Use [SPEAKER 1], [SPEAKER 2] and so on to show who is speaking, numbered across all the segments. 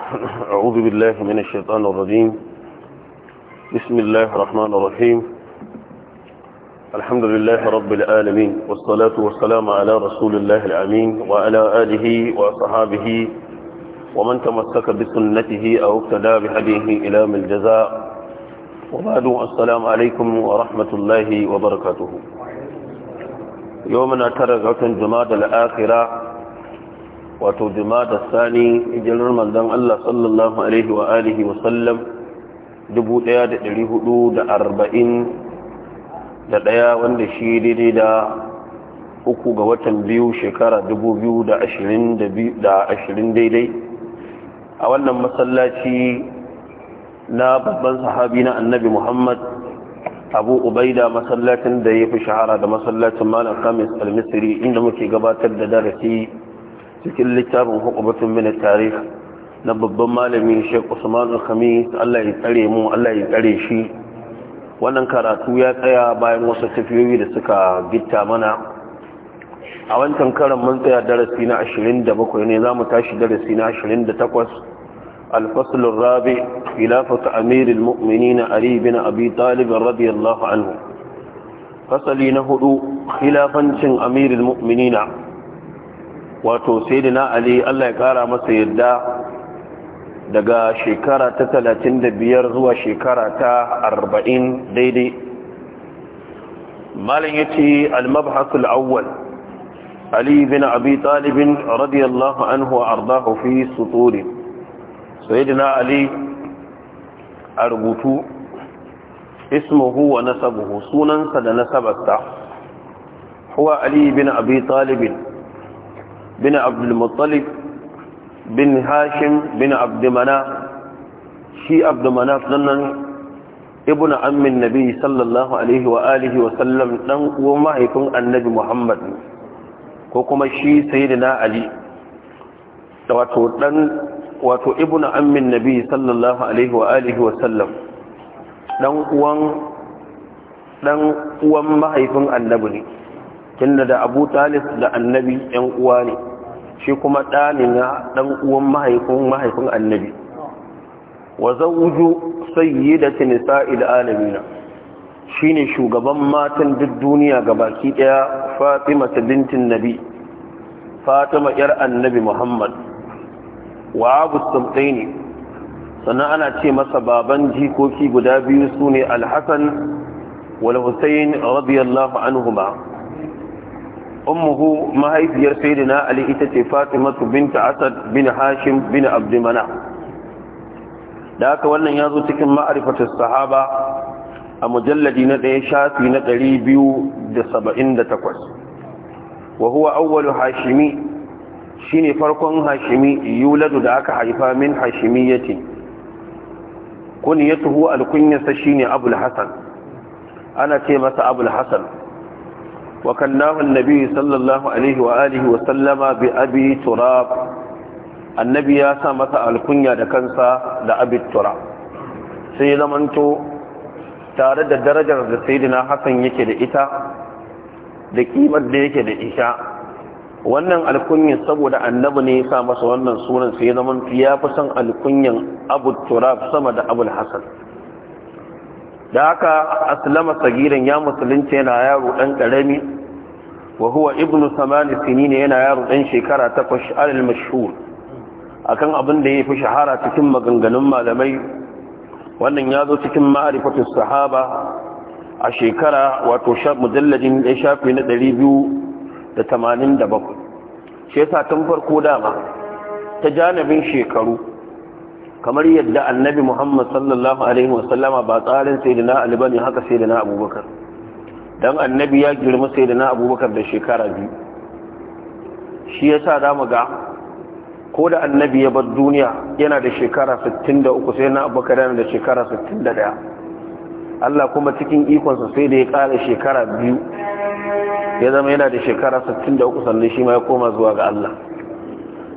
[SPEAKER 1] أعوذ بالله من الشيطان الرجيم بسم الله الرحمن الرحيم الحمد لله رب العالمين والصلاة والسلام على رسول الله الأمين وعلى آله وصحابه ومن تمسك بسنته أو اقتدى بهديه إلى من الجزاء وبعد السلام عليكم ورحمة الله وبركاته يومنا ترى جماد الآخرة wato jumada sani hijirar manzon Allah sallallahu alaihi wa alihi wa da 1441 wanda shi daidai da uku ga watan biyu shekara 2020 daidai a wannan masallaci na babban sahabi na annabi Muhammad abu ubaida masallacin da ya fi shahara da masallacin malam kamis al-misri inda muke gabatar da darasi cikin littafin hukumatun min tarih na babban malami Sheikh Usman Al-Khamis Allah ya tsare mu Allah ya tsare shi wannan karatu ya tsaya bayan wasu tafiyoyi da suka gita mana a wancan karan mun tsaya darasi na 27 ne zamu tashi darasi na 28 rabi الرابع amirin أمير المؤمنين علي na أبي طالب رضي الله عنه فصلي نهدو خلافا أمير المؤمنين wato sayyidina ali Allah ya kara masa yadda daga shekara ta talatin da biyar zuwa shekara ta arba'in daidai malin ya al-mabhath al-awwal ali bin abi talibin radiyallahu anhu wa ardahu fi sutur sayyidina ali a rubutu ismuhu wa nasabuhu sunansa da nasabarsa huwa ali bin abi talibin. bin abdulmuttalib bin hashim bin abdumana shi abdumana sannan ibn ammin nabi sallallahu alaihi wa wa sallam dan uwan mahaifin annabi muhammad ko kuma shi sayyidina ali wato dan wato ibn ammin nabi sallallahu alaihi wa alihi wa sallam dan uwan dan uwan mahaifin annabi ne tunda da abu talib da annabi yan uwa ne shi kuma ɗanin ɗan uwan mahaifin mahaifin annabi wa da sayyidati nisa'il alamina shine shugaban matan duk duniya gabaki daya Fatima bintin Nabi Fatima yar Annabi Muhammad wa Abu Sumtaini sannan ana ce masa baban jikoki guda biyu sune Al-Hasan wal Husayn radiyallahu anhuma muhu mahaifiyar sayyidina ali ita ce fatimatu binta asad bin hashim bin Mana. da haka wannan ya zo cikin ma'arifatar sahaba a mujalladi na ɗaya shafi na ɗari biyu da saba'in da takwas wa Auwalu awwalu hashimi shine farkon hashimi yuladu da aka haifa min hashimiyyati kunyatuhu alkunyasa shine abul hasan ana ce masa abul hasan وكناه النبي صلى الله عليه وآله وسلم بأبي تراب النبي يا سامة الكنيا دكنسا لأبي التراب سيدا منتو تارد درجة سيدنا حسن يكي لإتا لكيمة ليكي لإشاء wannan alkunyin saboda annabi ne ya sa masa wannan sunan sai zaman ya fi son alkunyin abu turab sama da abul hasan da haka aslama sagiran ya musulunci yana yaro dan karami wa huwa ibnu samani ne yana yaro dan shekara takwas alal mashhur akan abin da yafi shahara cikin maganganun malamai wannan ya zo cikin ma'arifatu sahaba a shekara wato shaf mujalladin ya shafi na 287 shi yasa tun farko dama ta janibin shekaru kamar yadda annabi muhammad sallallahu alaihi wasallama ba tsarin sayyidina ali bane haka sayyidina abubakar dan annabi ya girma sayyidina abubakar da shekara biyu shi yasa mu ga ko da annabi ya bar duniya yana da shekara 63 sayyidina abubakar yana da shekara 61 Allah kuma cikin ikonsa sai da ya ƙara shekara biyu ya zama yana da shekara 63 sannan shi ma ya koma zuwa ga Allah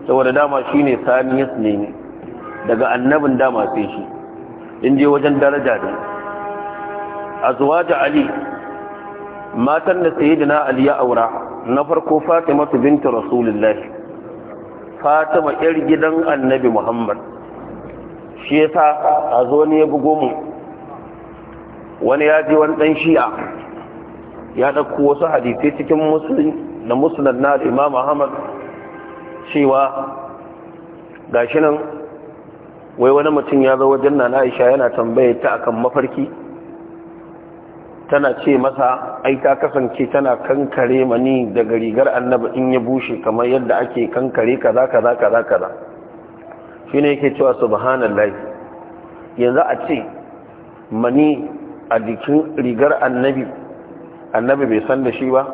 [SPEAKER 1] saboda dama shine saniyas ne ne daga annabin dama sai shi in je wajen daraja ne azwaja ali matan da sayyidina ali ya aura na farko fatima Binta, rasulullah fatima yar gidan annabi muhammad shi yasa a zo ne ya bugo mu wani ya ji wani dan shi'a ya ɗauko wasu hadisai cikin musulun da musulun na Imam ahmad cewa gashi nan wai wani mutum ya zo wajen na Aisha yana tambaye ta akan mafarki tana ce masa ai ta kasance tana kankare mani daga rigar annabi in ya bushe kamar yadda ake kankare kaza kaza kaza kaza ne yake cewa subhanallahi yanzu a ce mani a jikin rigar annabi annabi bai san da shi ba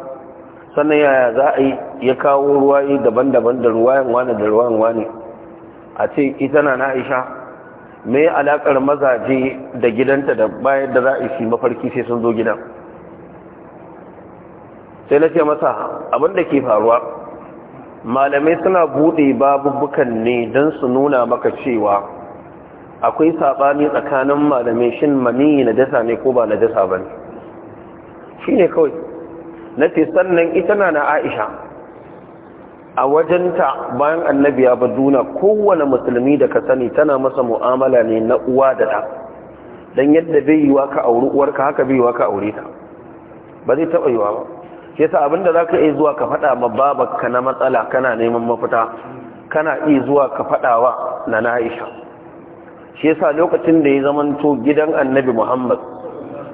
[SPEAKER 1] sannan yaya za a yi ya kawo yi daban-daban da ruwayan wani da ruwayan wani a ce ita na Aisha mai alakar mazaje da gidanta da bayan da za a mafarki sai sun zo gidan sai na ce masa abinda ke faruwa malamai suna bude babubukan ne don su nuna maka cewa akwai saɓani tsakanin malamai shin maniyi na dasa ne ko ba na dasa ba ne shi ne kawai na ce sannan ita na na aisha a wajenta bayan annabi ya baduna kowane musulmi da ka sani tana masa mu'amala ne na uwa da ɗa don yadda bai yiwa ka auri uwarka haka bai yiwa ka aure ta ba zai taɓa yiwa ba shi yasa abinda za ka iya zuwa ka faɗa ma babarka na matsala kana neman mafita kana iya zuwa ka faɗawa na na'isha shi yasa lokacin da ya zamanto gidan annabi muhammad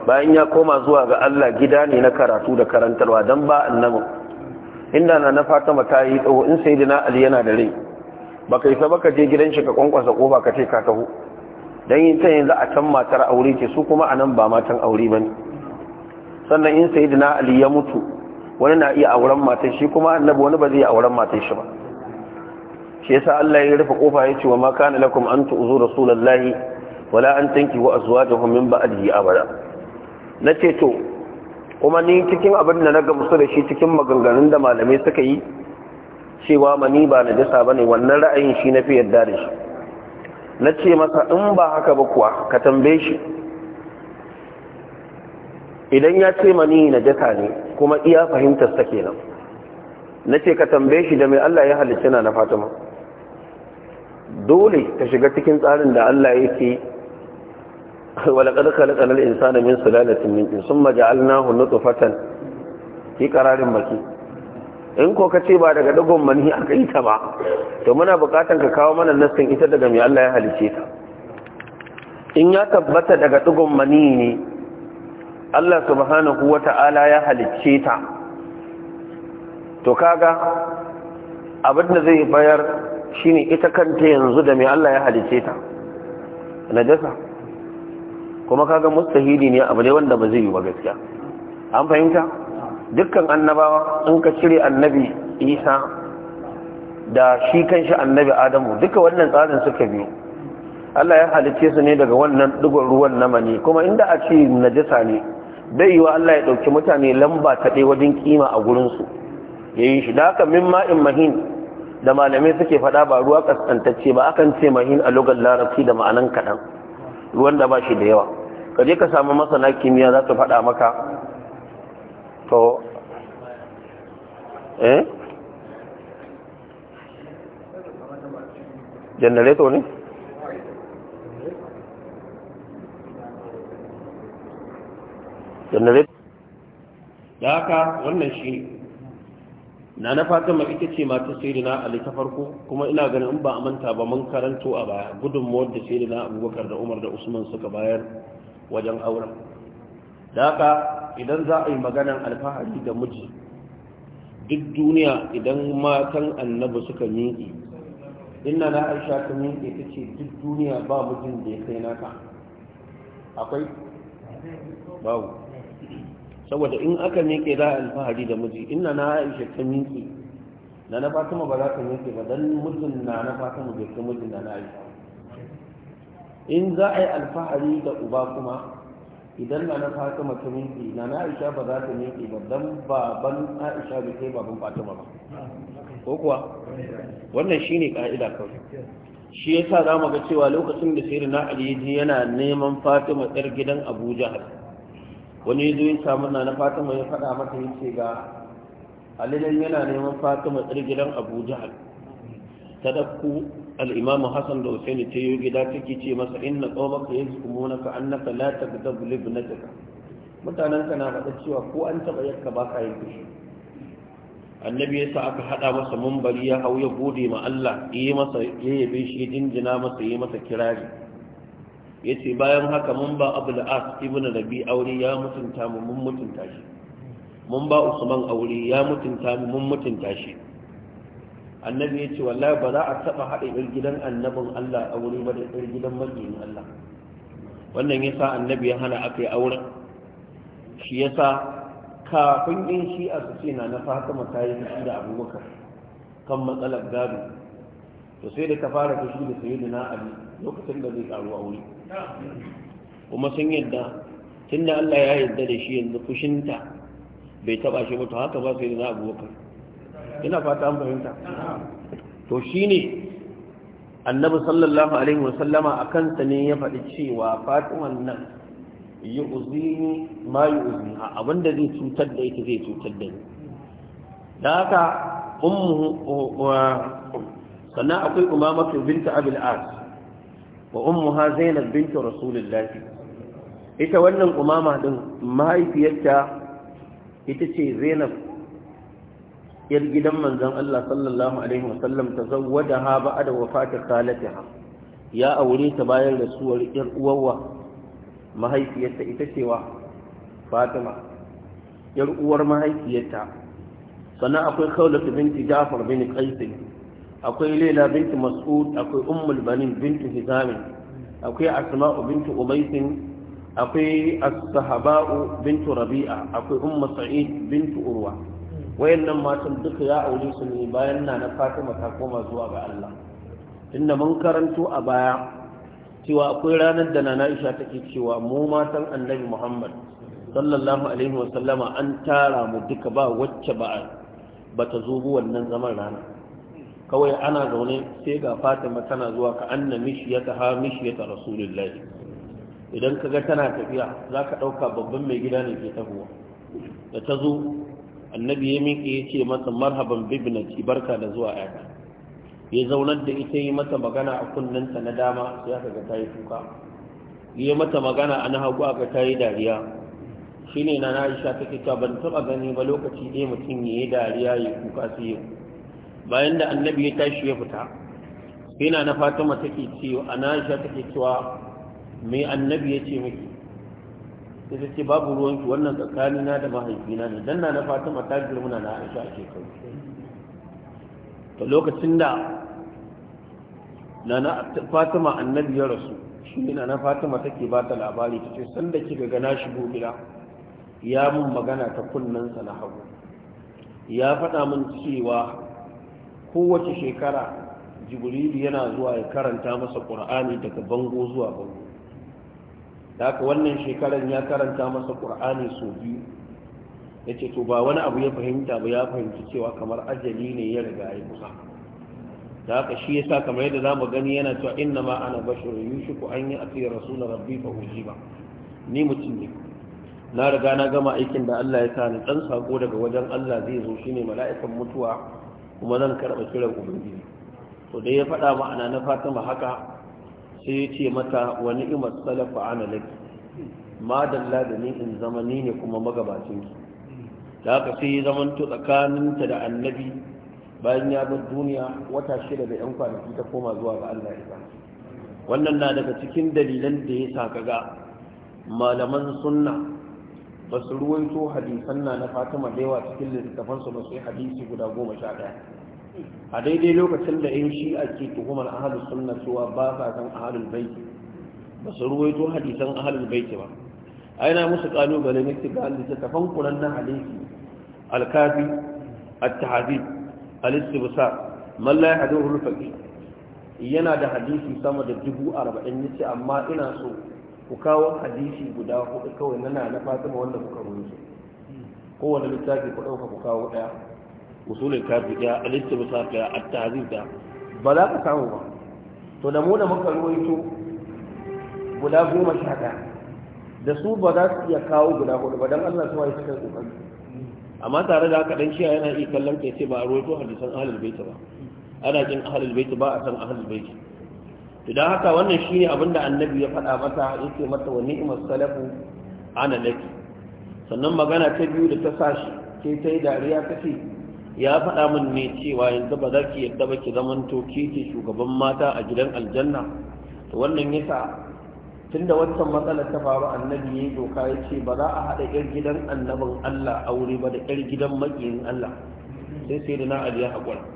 [SPEAKER 1] bayan ya koma zuwa ga allah gida ne na karatu da karantarwa don ba annabin inda na na fatima ta yi tsawo in sai dina ali yana da rai ba kai sa baka je gidan shi ka kwankwasa kofa ka ce ka taho dan yin ta yanzu a can matar aure ce su kuma anan ba matan aure bane sannan in sai dina ali ya mutu wani na iya auren matan shi kuma annabi wani ba zai iya auren matan shi ba shi yasa Allah ya rufe kofa ya ce wa ma kana lakum an tu'zu rasulullahi wala an tanki wa azwajahu min ba'dihi abada nace to kuma ni cikin abin da na ga musu da shi cikin maganganun da malamai suka yi cewa mani ba na jisa ba ne wannan ra'ayin shi na fi yadda da shi na ce masa in ba haka ba kuwa ka tambaye shi idan ya ce mani na jisa ne kuma iya fahimtar sa nan, na ce ka tambaye shi da mai Allah ya halicci na fatima dole ka shiga cikin tsarin da Allah yake ولقد خلقنا الإنسان من سلالة من ثم جعلناه نطفة ki kararin baki, in ko ka ce ba daga dagon mani aka yi ta ba to muna bukatan ka kawo mana nassin ita daga mai Allah ya halice ta in ya tabbata daga dagon mani ne Allah subhanahu wata'ala ya halice ta to kaga abin da zai bayar shi ne ita kanta yanzu da mai Allah ya halice ta najasa kuma kaga mustahili ne abu ne wanda ba zai yi ba gaskiya an fahimta dukkan annabawa in ka cire annabi isa da shi kanshi annabi adamu duka wannan tsarin suka biyu Allah ya halicce su ne daga wannan digon ruwan namani kuma inda a ce najasa ne bai yi wa Allah ya ɗauki mutane lamba ta ɗaya wajen kima a gurinsu ya yi shi da haka min ma'in mahin da malamai suke faɗa ba ruwa ƙasƙantacce ba akan ce mahin a lugar larabci da ma'anan kaɗan ruwan ba shi da yawa ka je ka samu masana kimiyya za su faɗa maka to eh janareto ne janareto da haka wannan shi na na fatima ita ce mata sayyidina ali ta farko kuma ina ganin in ba a manta ba mun karanto a baya gudunmuwar da sayyidina abubakar da umar da usman suka bayar wajen auren da idan za a yi maganan alfahari da miji duk duniya idan matan annabi suka miƙe inna na aisha ta miƙe ta ce duk duniya ba mijin da ya kai naka akwai babu saboda in aka miƙe za a alfahari da miji ina na aisha ta miƙe na na fatima ba za ta miƙe ba don mutum na na fatima bai ta miji na na aisha in za a yi alfahari da uba kuma idan na na fatima ta miƙe na na aisha ba za ta miƙe ba don baban aisha bai kai baban fatima ba ko kuwa wannan shine ka'ida kawai shi yasa za mu ga cewa lokacin da sayyidina ali yana neman fatima 'yar gidan abuja wani zai samu na na fatima ya faɗa mata ya ce ga alidan yana neman fatima tsir gidan abu jahal ta ɗauko al'imamu hassan da husaini ta yi gida take ce masa inna tsawon ka yanzu kuma na ka an naka la ta ga na mutanen ka na faɗa cewa ko an taɓa yakka ba ka yi fushi annabi sa aka haɗa masa mumbari ya hau ya gode ma Allah ya yi masa ya yabe shi jinjina masa ya yi masa kirari yace bayan haka mun ba abul as rabi aure ya mutunta mu mun mutunta shi mun ba usman aure ya mutunta mu mun mutunta shi annabi ya ce, wallahi ba za a taba haɗa ɗan gidan annabin Allah aure ba da ɗan gidan majiyin Allah wannan ya sa annabi ya hana aka yi auren shi ya sa kafin in shi a su ce na na fatima ta yi fushi da abubakar kan matsalar gado to sai da ta fara fushi da sayi da na'ali lokacin da zai karu a wuri kuma sun yadda tun da Allah ya yadda da shi yanzu fushinta bai taba shi mutu haka ba sai da na abubakar ina fata an fahimta to shi ne annabi sallallahu alaihi wasallama a kansa ne ya faɗi cewa fatiman nan yi uzini ma yi uzini a abinda zai cutar da ita zai cutar da ni da haka uh, sannan akwai umamatu binta abil as wa ummuha zainab bintu rasulillah. ita wannan umama din mahaifiyarta ita ce zainab yar gidan manzon Allah sallallahu alaihi wasallam tazawwadaha ba'da wafati khalatiha ya aure ta bayan rasuwar yar uwarwa mahaifiyarta ita ce wa Fatima yar uwar mahaifiyarta sannan akwai Khawlat binti Ja'far bin Qais akwai laila bintu mas'ud akwai ummul banin bintu hizamin akwai asma'u bintu umaysin akwai as-sahaba'u bintu rabi'a akwai ummu sa'id bintu urwa wayannan matan duka ya aure su ne bayan na na fatima ta koma zuwa ga Allah inda mun karanto a baya cewa akwai ranar da nana Aisha take cewa mu matan Annabi Muhammad sallallahu alaihi wa sallama an tara mu duka ba wacce ba bata zo wannan zaman rana kawai ana zaune sai ga fatima tana zuwa ka anna mishiyata ha mishiyata rasulullahi idan ka ga tana tafiya za ka ɗauka babban mai gida ne ke tahowa da ta zo annabi ya miƙe ya ce masa marhaban bibnati barka da zuwa yata ya zaunar da ita yi mata magana a ta na dama sai aka ta yi kuka yi mata magana a na hagu aka ta yi dariya shine na na isha take ta ban taɓa gani ba lokaci ɗaya mutum ya yi dariya ya kuka sai bayan da annabi ya tashi ya fita yana na fatima take cewa anasha take cewa mai annabi ya ce miki sai ta ce babu ruwanki wannan tsakanina da mahaifina ne dan na fatima ta girma na aisha a shekaru to lokacin da na fatima annabi ya rasu shi ne na fatima take ba ta labari ta ce sanda kika ga na shigo gida ya mun magana ta sa na hagu ya faɗa min cewa kowace shekara jibrilu yana zuwa ya karanta masa ƙur'ani daga bango zuwa bango da haka wannan shekarar ya karanta masa ƙur'ani sau biyu ya ce to ba wani abu ya fahimta ba ya fahimci cewa kamar ajali ne ya riga ya kusa da haka shi ya sa kamar yadda za mu gani yana cewa inna ma ana bashiru yushiku an yi rasu na rabbi fa ba ni mutum ne na riga na gama aikin da Allah ya sa ni ɗan sako daga wajen Allah zai zo shine mala'ikan mutuwa kuma zan karɓa kiran ubangiji to da ya faɗa ma'ana na fatima haka sai ya ce mata wani ima salafa ana laki ma dalla da ni in zama ni ne kuma magabacin ki da haka sai ya zamanto tsakaninta da annabi bayan ya bar duniya wata shida da 'yan kwanaki ta koma zuwa ga Allah ya wannan na daga cikin dalilan da ya sa ga malaman sunna Basu su ruwaito hadisan na na fatima da yawa cikin littattafansu ba sai hadisi guda goma sha a daidai lokacin da yan shi ake tuhumar ahalus sunna cewa ba sa san ahalul baiti ba su ruwaito hadisan ahalul baiti ba aina musu kalubale ne ta ga ta kuran na hadisi alkafi at-tahdhib al-istibsar man la yahduhu yana da hadisi sama da dubu arba'in yace amma ina so ku kawo hadisi guda hudu kawai nana na fatima wanda kuka rubuta kowane littafi ku ɗauka ku kawo ɗaya usulin kafi ɗaya al-istibsaq ɗaya a tarihi da ba za ka samu ba to da mu da muka ruwaito guda goma sha ɗaya da su ba za su iya kawo guda hudu ba don Allah su waye su yi kokari amma tare da haka dan shiya yana iya kallon kai ce ba a ruwaito hadisan ahlul bait ba ana jin ahlul bait ba a san ahlul bait idan haka wannan shine abin da annabi ya faɗa mata yake mata wa ni'mas salafu ana laki sannan magana ta biyu da ta sashi ke ta yi dariya ta ce ya faɗa min ne cewa yanzu ba za ki yadda ba ki zaman to ce shugaban mata a gidan aljanna to wannan yasa tunda wancan matsala ta faru annabi ya yi doka ya ce ba za a haɗa 'yar gidan annabin Allah aure ba da 'yar gidan maƙiyin Allah sai sai da na Ali ya haƙura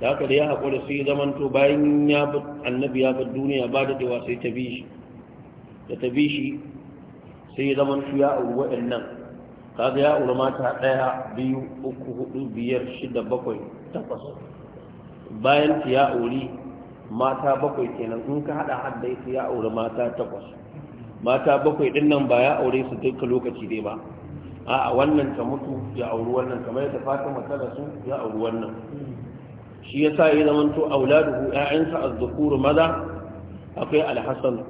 [SPEAKER 1] da haka da ya haƙura sai zamanto bayan ya annabi ya bar duniya ba da cewa sai ta bi shi da ta bi shi sai ya zamanto ya auri waɗannan kaga ya auri mata ɗaya biyu uku hudu biyar shida bakwai takwas bayan ta ya auri mata bakwai kenan in ka haɗa hadda ita ya auri mata takwas mata bakwai ɗin nan ba ya aure su duka lokaci dai ba a wannan ta mutu ya auri wannan kamar yadda fata ta rasu ya auri wannan shi ya sa ya zamanto auladuhu ƴaƴansa az-zukur maza akwai Alhassan,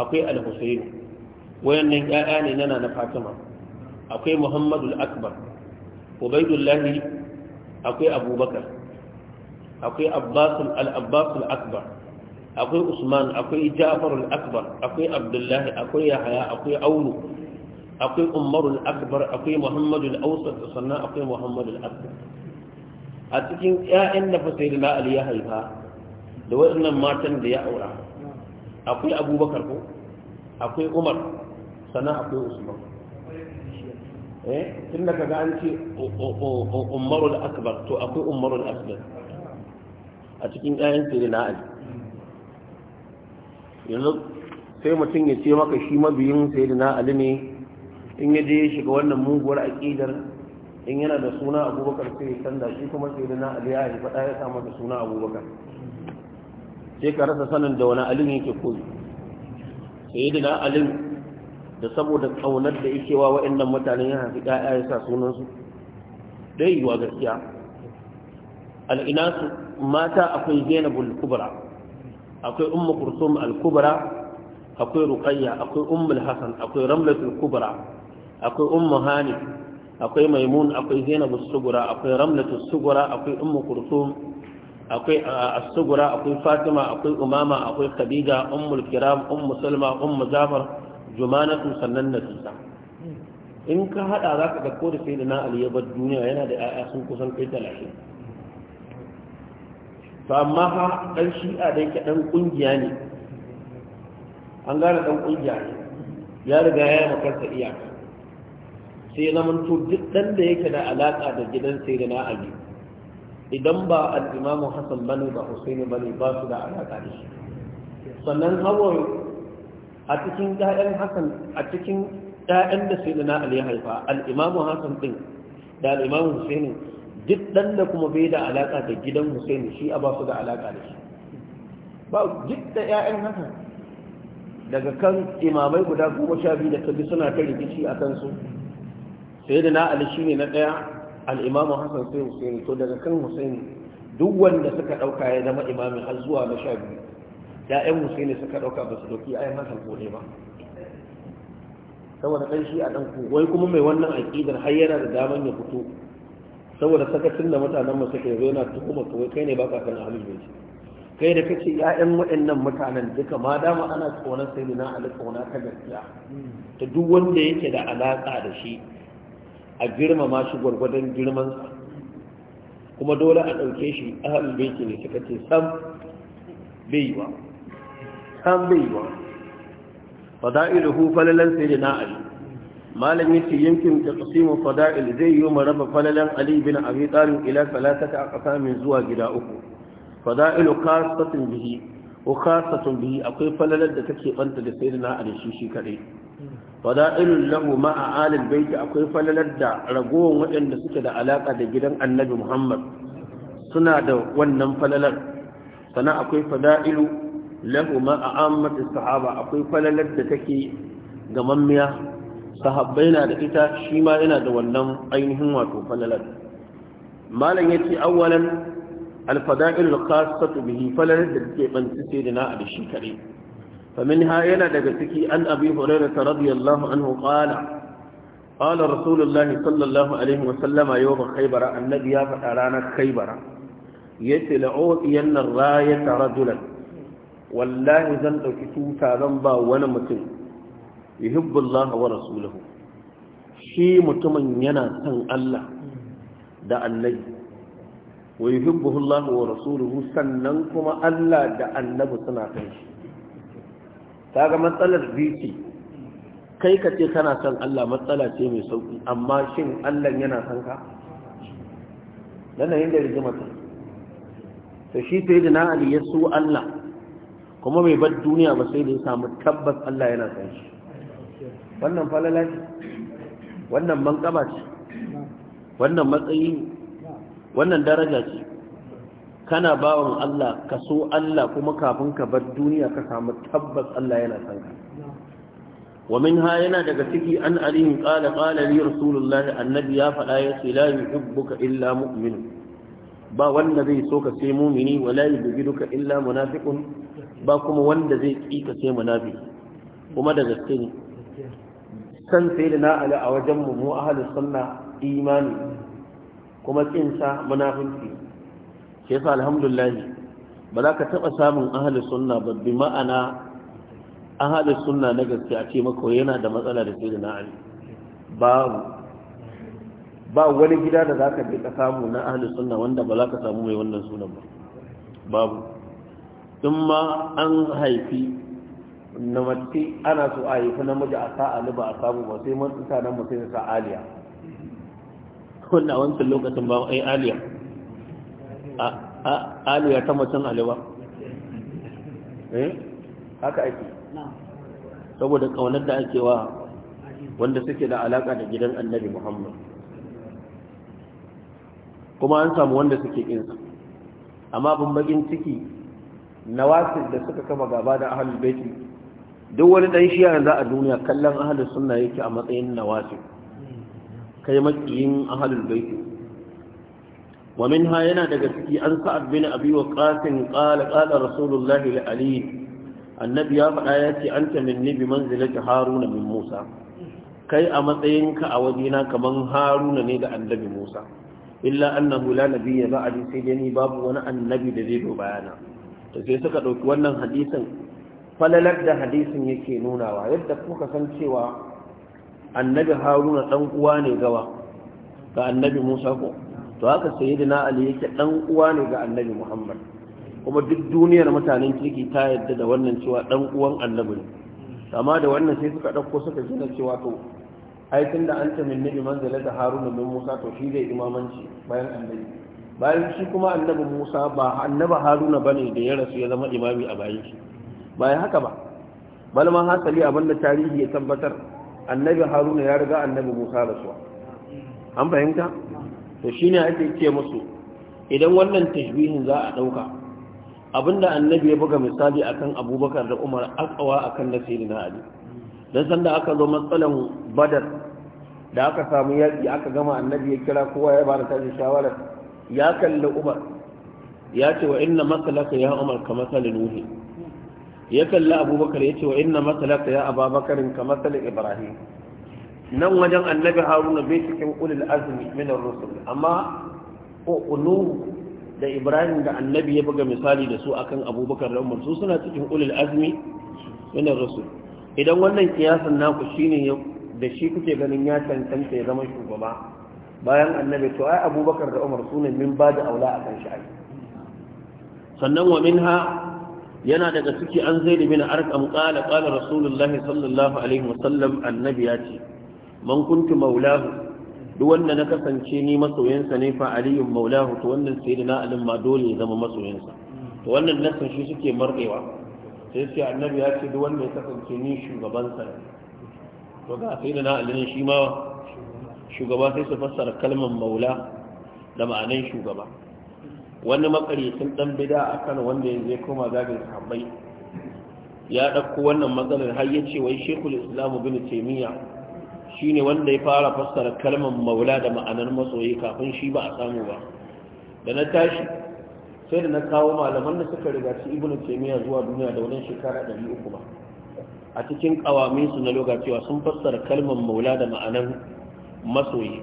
[SPEAKER 1] akwai al-husayn wayannan 'ya'ya ne nana na Fatima akwai Muhammadu al-Akbar Ubaydullah akwai Abubakar akwai Abbas al-Abbas akbar akwai Usman akwai Ja'far al-Akbar akwai Abdullahi, akwai Yahaya, akwai Aulu akwai Umar al-Akbar akwai Muhammadu al-Awsat sannan akwai Muhammadu al-Akbar a cikin 'ya'yan da fasiri na ali ya haifa da waɗannan matan da ya aura akwai abubakar ko akwai umar sannan akwai usman eh tun da kaga an ce umarul akbar to akwai umarul asgar a cikin 'ya'yan sirri na ali yanzu sai mutum ya ce maka shi mabiyin sayyidina ali ne in ya je ya shiga wannan muguwar aƙidar in yana da suna abubakar sai ya canza shi kuma sai na ali ya haifa ya samu da suna abubakar sai ka rasa sanin da wani alin yake koyi sai da na alin da saboda kaunar da yake wa wa'annan mutane ya haifi ɗaya ya sa sunansu dai yiwa gaskiya su mata akwai zainabul kubra akwai ummu kursum al-kubra akwai ruqayya akwai ummul hasan akwai ramlatul kubra akwai ummu hanif akwai maimun akwai zainabu sugura akwai ramlatu sugura akwai ummu kurtum akwai as-sugura akwai fatima akwai umama akwai khadija al kiram ummu salma ummu zafar jumanatu sannan nafisa in ka hada za ka ga ko da sayyidina ali ya bar duniya yana da ƴaƴa sun kusan kai talatin to amma ha dan shi'a dai ka dan kungiya ne an gane dan kungiya ne ya riga ya yi iyaka sai zamanto duk ɗan da yake da alaƙa da gidan sai da na ali idan ba al'imamu hassan bane ba husaini bane ba su da alaƙa da shi sannan hawan a cikin ɗayan hassan a cikin ɗayan da sai da na ali haifa al'imamu hassan din da al'imamu husaini duk ɗan da kuma bai da alaƙa da gidan husaini shi a ba su da alaƙa da shi ba duk da ‘ya'yan hassan daga kan imamai guda goma sha biyu da ta bi suna ta rikici a kansu da na'ali shi ne na ɗaya al-imamu hasan sai husaini to daga kan husaini duk wanda suka dauka ya zama imamin har zuwa na sha biyu ya'yan husaini suka ɗauka ba su dauki ayan hasan ko ba saboda dan shi a dan ku wai kuma mai wannan aqidar har yana da daman ya fito saboda sakacin da mutanen mu suke zo yana tuhuma kawai kai ne ba baka san ahlul bayt kai da kace ƴaƴan waɗannan mutanen duka ma dama ana tsoron sai na alƙona ta gaskiya ta duk wanda yake da alaƙa da shi a girmama shi gwargwadon girmansa kuma dole a ɗauke shi ahalin baiti ne suka ce sam bai ba. sam bai yiwa fada'iluhu falalan sai da na ali malam yace yankin da qasimu fada'il zai yi mu raba falalan ali bin abi talib ila salatata aqsamin zuwa gida uku fada'ilu khasatun bihi wa khasatun bihi akwai falalan da take banta da sayyidina ali shi shi kadai fada'ilun lahu ma'a alil baiti akwai falalar da ragowar waɗanda suke da alaka da gidan annabi muhammad suna da wannan falalar sana akwai fada'ilu lahu ma'a ammatin sahaba akwai falalar da take ga mammiya sahabbai na da ita shi ma yana da wannan ainihin wato falalar malam ya ce awwalan alfada'ilul khassatu bihi falalar da take banci sai da na a da shi kare فمنها ينا دقتكي أن أبي هريرة رضي الله عنه قال قال رسول الله صلى الله عليه وسلم يوم خيبر النبي فأرانا خيبر يتلعوئين الراية رجلا والله زندك توتا ذنبا ونمتن يحب الله ورسوله shi mutumin yana son Allah da annabi wa yuhibbuhu Allah wa rasuluhu sannan kuma Allah da annabi suna kan shi kaga matsalar biki kai ka ce kana son Allah matsala ce mai sauki amma shin Allah yana son ka nan da da rigima ta to shi yi da na ali ya so Allah kuma mai bar duniya ba sai da ya samu tabbas Allah yana son shi wannan falala ce wannan manƙaba ce wannan matsayi wannan daraja ce kana bawan Allah ka so Allah kuma kafin ka bar duniya ka samu tabbas Allah yana son ka wa minha yana daga ciki an alihin qala qala li rasulullah annabi ya faɗa ya ce la yuhibbuka illa mu'min ba wanda zai so ka sai mu'mini wa la yuhibbuka illa munafiqun ba kuma wanda zai ki ka sai munafi? kuma da gaske ne san sai da na ala a wajen mu mu ahlus sunna imani kuma kinsa munafiki ke sa alhamdulillah ba za ka taɓa samun ahalin sunna ba bi ma'ana ahalin sunna na gaske a ce mako yana da matsala da sai da na ali ba wani gida da za ka je ka samu na ahalin sunna wanda ba za ka samu mai wannan sunan ba babu in ma an haifi na mace ana so a haifi namiji a sa ali ba a samu ba sai mun mutanen mu sai sa aliya wannan a wancan lokacin ba ai aliya aliya ta macen Eh haka ake saboda kaunar da ake wa wanda suke da alaka da gidan annabi muhammad kuma an samu wanda suke ƙinsa. amma bin bakin ciki wasu da suka kama gaba da ahlul baiti duk wani dan shi yanzu a duniya kallon ahalul sunna yake a matsayin nawasir kai makiyin ahalul baiti ومنها ينا دغسكي ان سعد بن ابي وقاص قال قال رسول الله لعلي النبي يا فداياتي انت من نبي منزله هارون من موسى kai a matsayin ka a wajena kamar haruna ne da annabi Musa illa annahu la nabiyya sai dai ni babu wani annabi da zai zo bayana to sai suka dauki wannan hadisin falalar da hadisin yake nunawa yadda kuka san cewa annabi haruna dan ne gawa ga annabi Musa ko to haka sayyidina ali yake dan uwa ne ga annabi muhammad kuma duk duniyar mutanen kirki ta yadda da wannan cewa dan uwan annabi ne amma da wannan sai suka dauko suka gina cewa to ai tunda an ta min nabi manzala da haruna bin musa to shi zai imamanci bayan annabi bayan shi kuma annabi musa ba annabi haruna bane da ya rasu ya zama imami a bayan shi bayan haka ba balma hasali abinda tarihi ya tabbatar annabi haruna ya riga annabi musa rasuwa an fahimta shi ne ake ce musu idan wannan tashbihin za a dauka abinda annabi ya buga misali akan abubakar da umar akawa akan da na ali dan sanda aka zo matsalan badar da aka samu yaki aka gama annabi ya kira kowa ya bada tashi shawara ya kalli umar ya ce wa inna masalaka ya umar ka masalin nuhi ya kalli abubakar ya ce wa inna masalaka ya ababakarin ka masalin ibrahim nan wajen annabi haruna bai cikin ulil azumi min rusul amma da ibrahim da annabi ya buga misali da su akan abubakar da umar su suna cikin ulil azumi min rusul idan wannan kiyasan naku da shi kuke ganin ya cancanta ya zama shugaba bayan annabi to ai abubakar da umar sunan min ba da aula akan shi ai sannan wa minha yana daga ciki an zai bin arkam kala-kala, rasulullahi sallallahu alaihi wasallam annabi ya ce man kuntu maulahu duk wanda na kasance ni masoyinsa ne fa aliyun maulahu to wannan sai da ali ma dole ya zama masoyinsa to wannan nasan shi suke marɗewa sai sai annabi ya ce duk wanda ya kasance ni shugabansa ne to ga sai da ne shi ma shugaba sai su fassara kalmar maula da ma'anan shugaba wani makaryacin dan bida a kan wanda ya zai koma zagin sahabbai ya ɗauko wannan matsalar har ya ce wai shekul islamu bin taimiyya Shi ne wanda ya fara fassara kalmar maula da ma'anar masoyi kafin shi ba a samu ba da na tashi sai da na kawo malaman da suka riga su ibnu taymiya zuwa duniya da wajen shekara 300 ba a cikin kawamin su na lokacewa sun fassara kalmar maula da ma'anar masoyi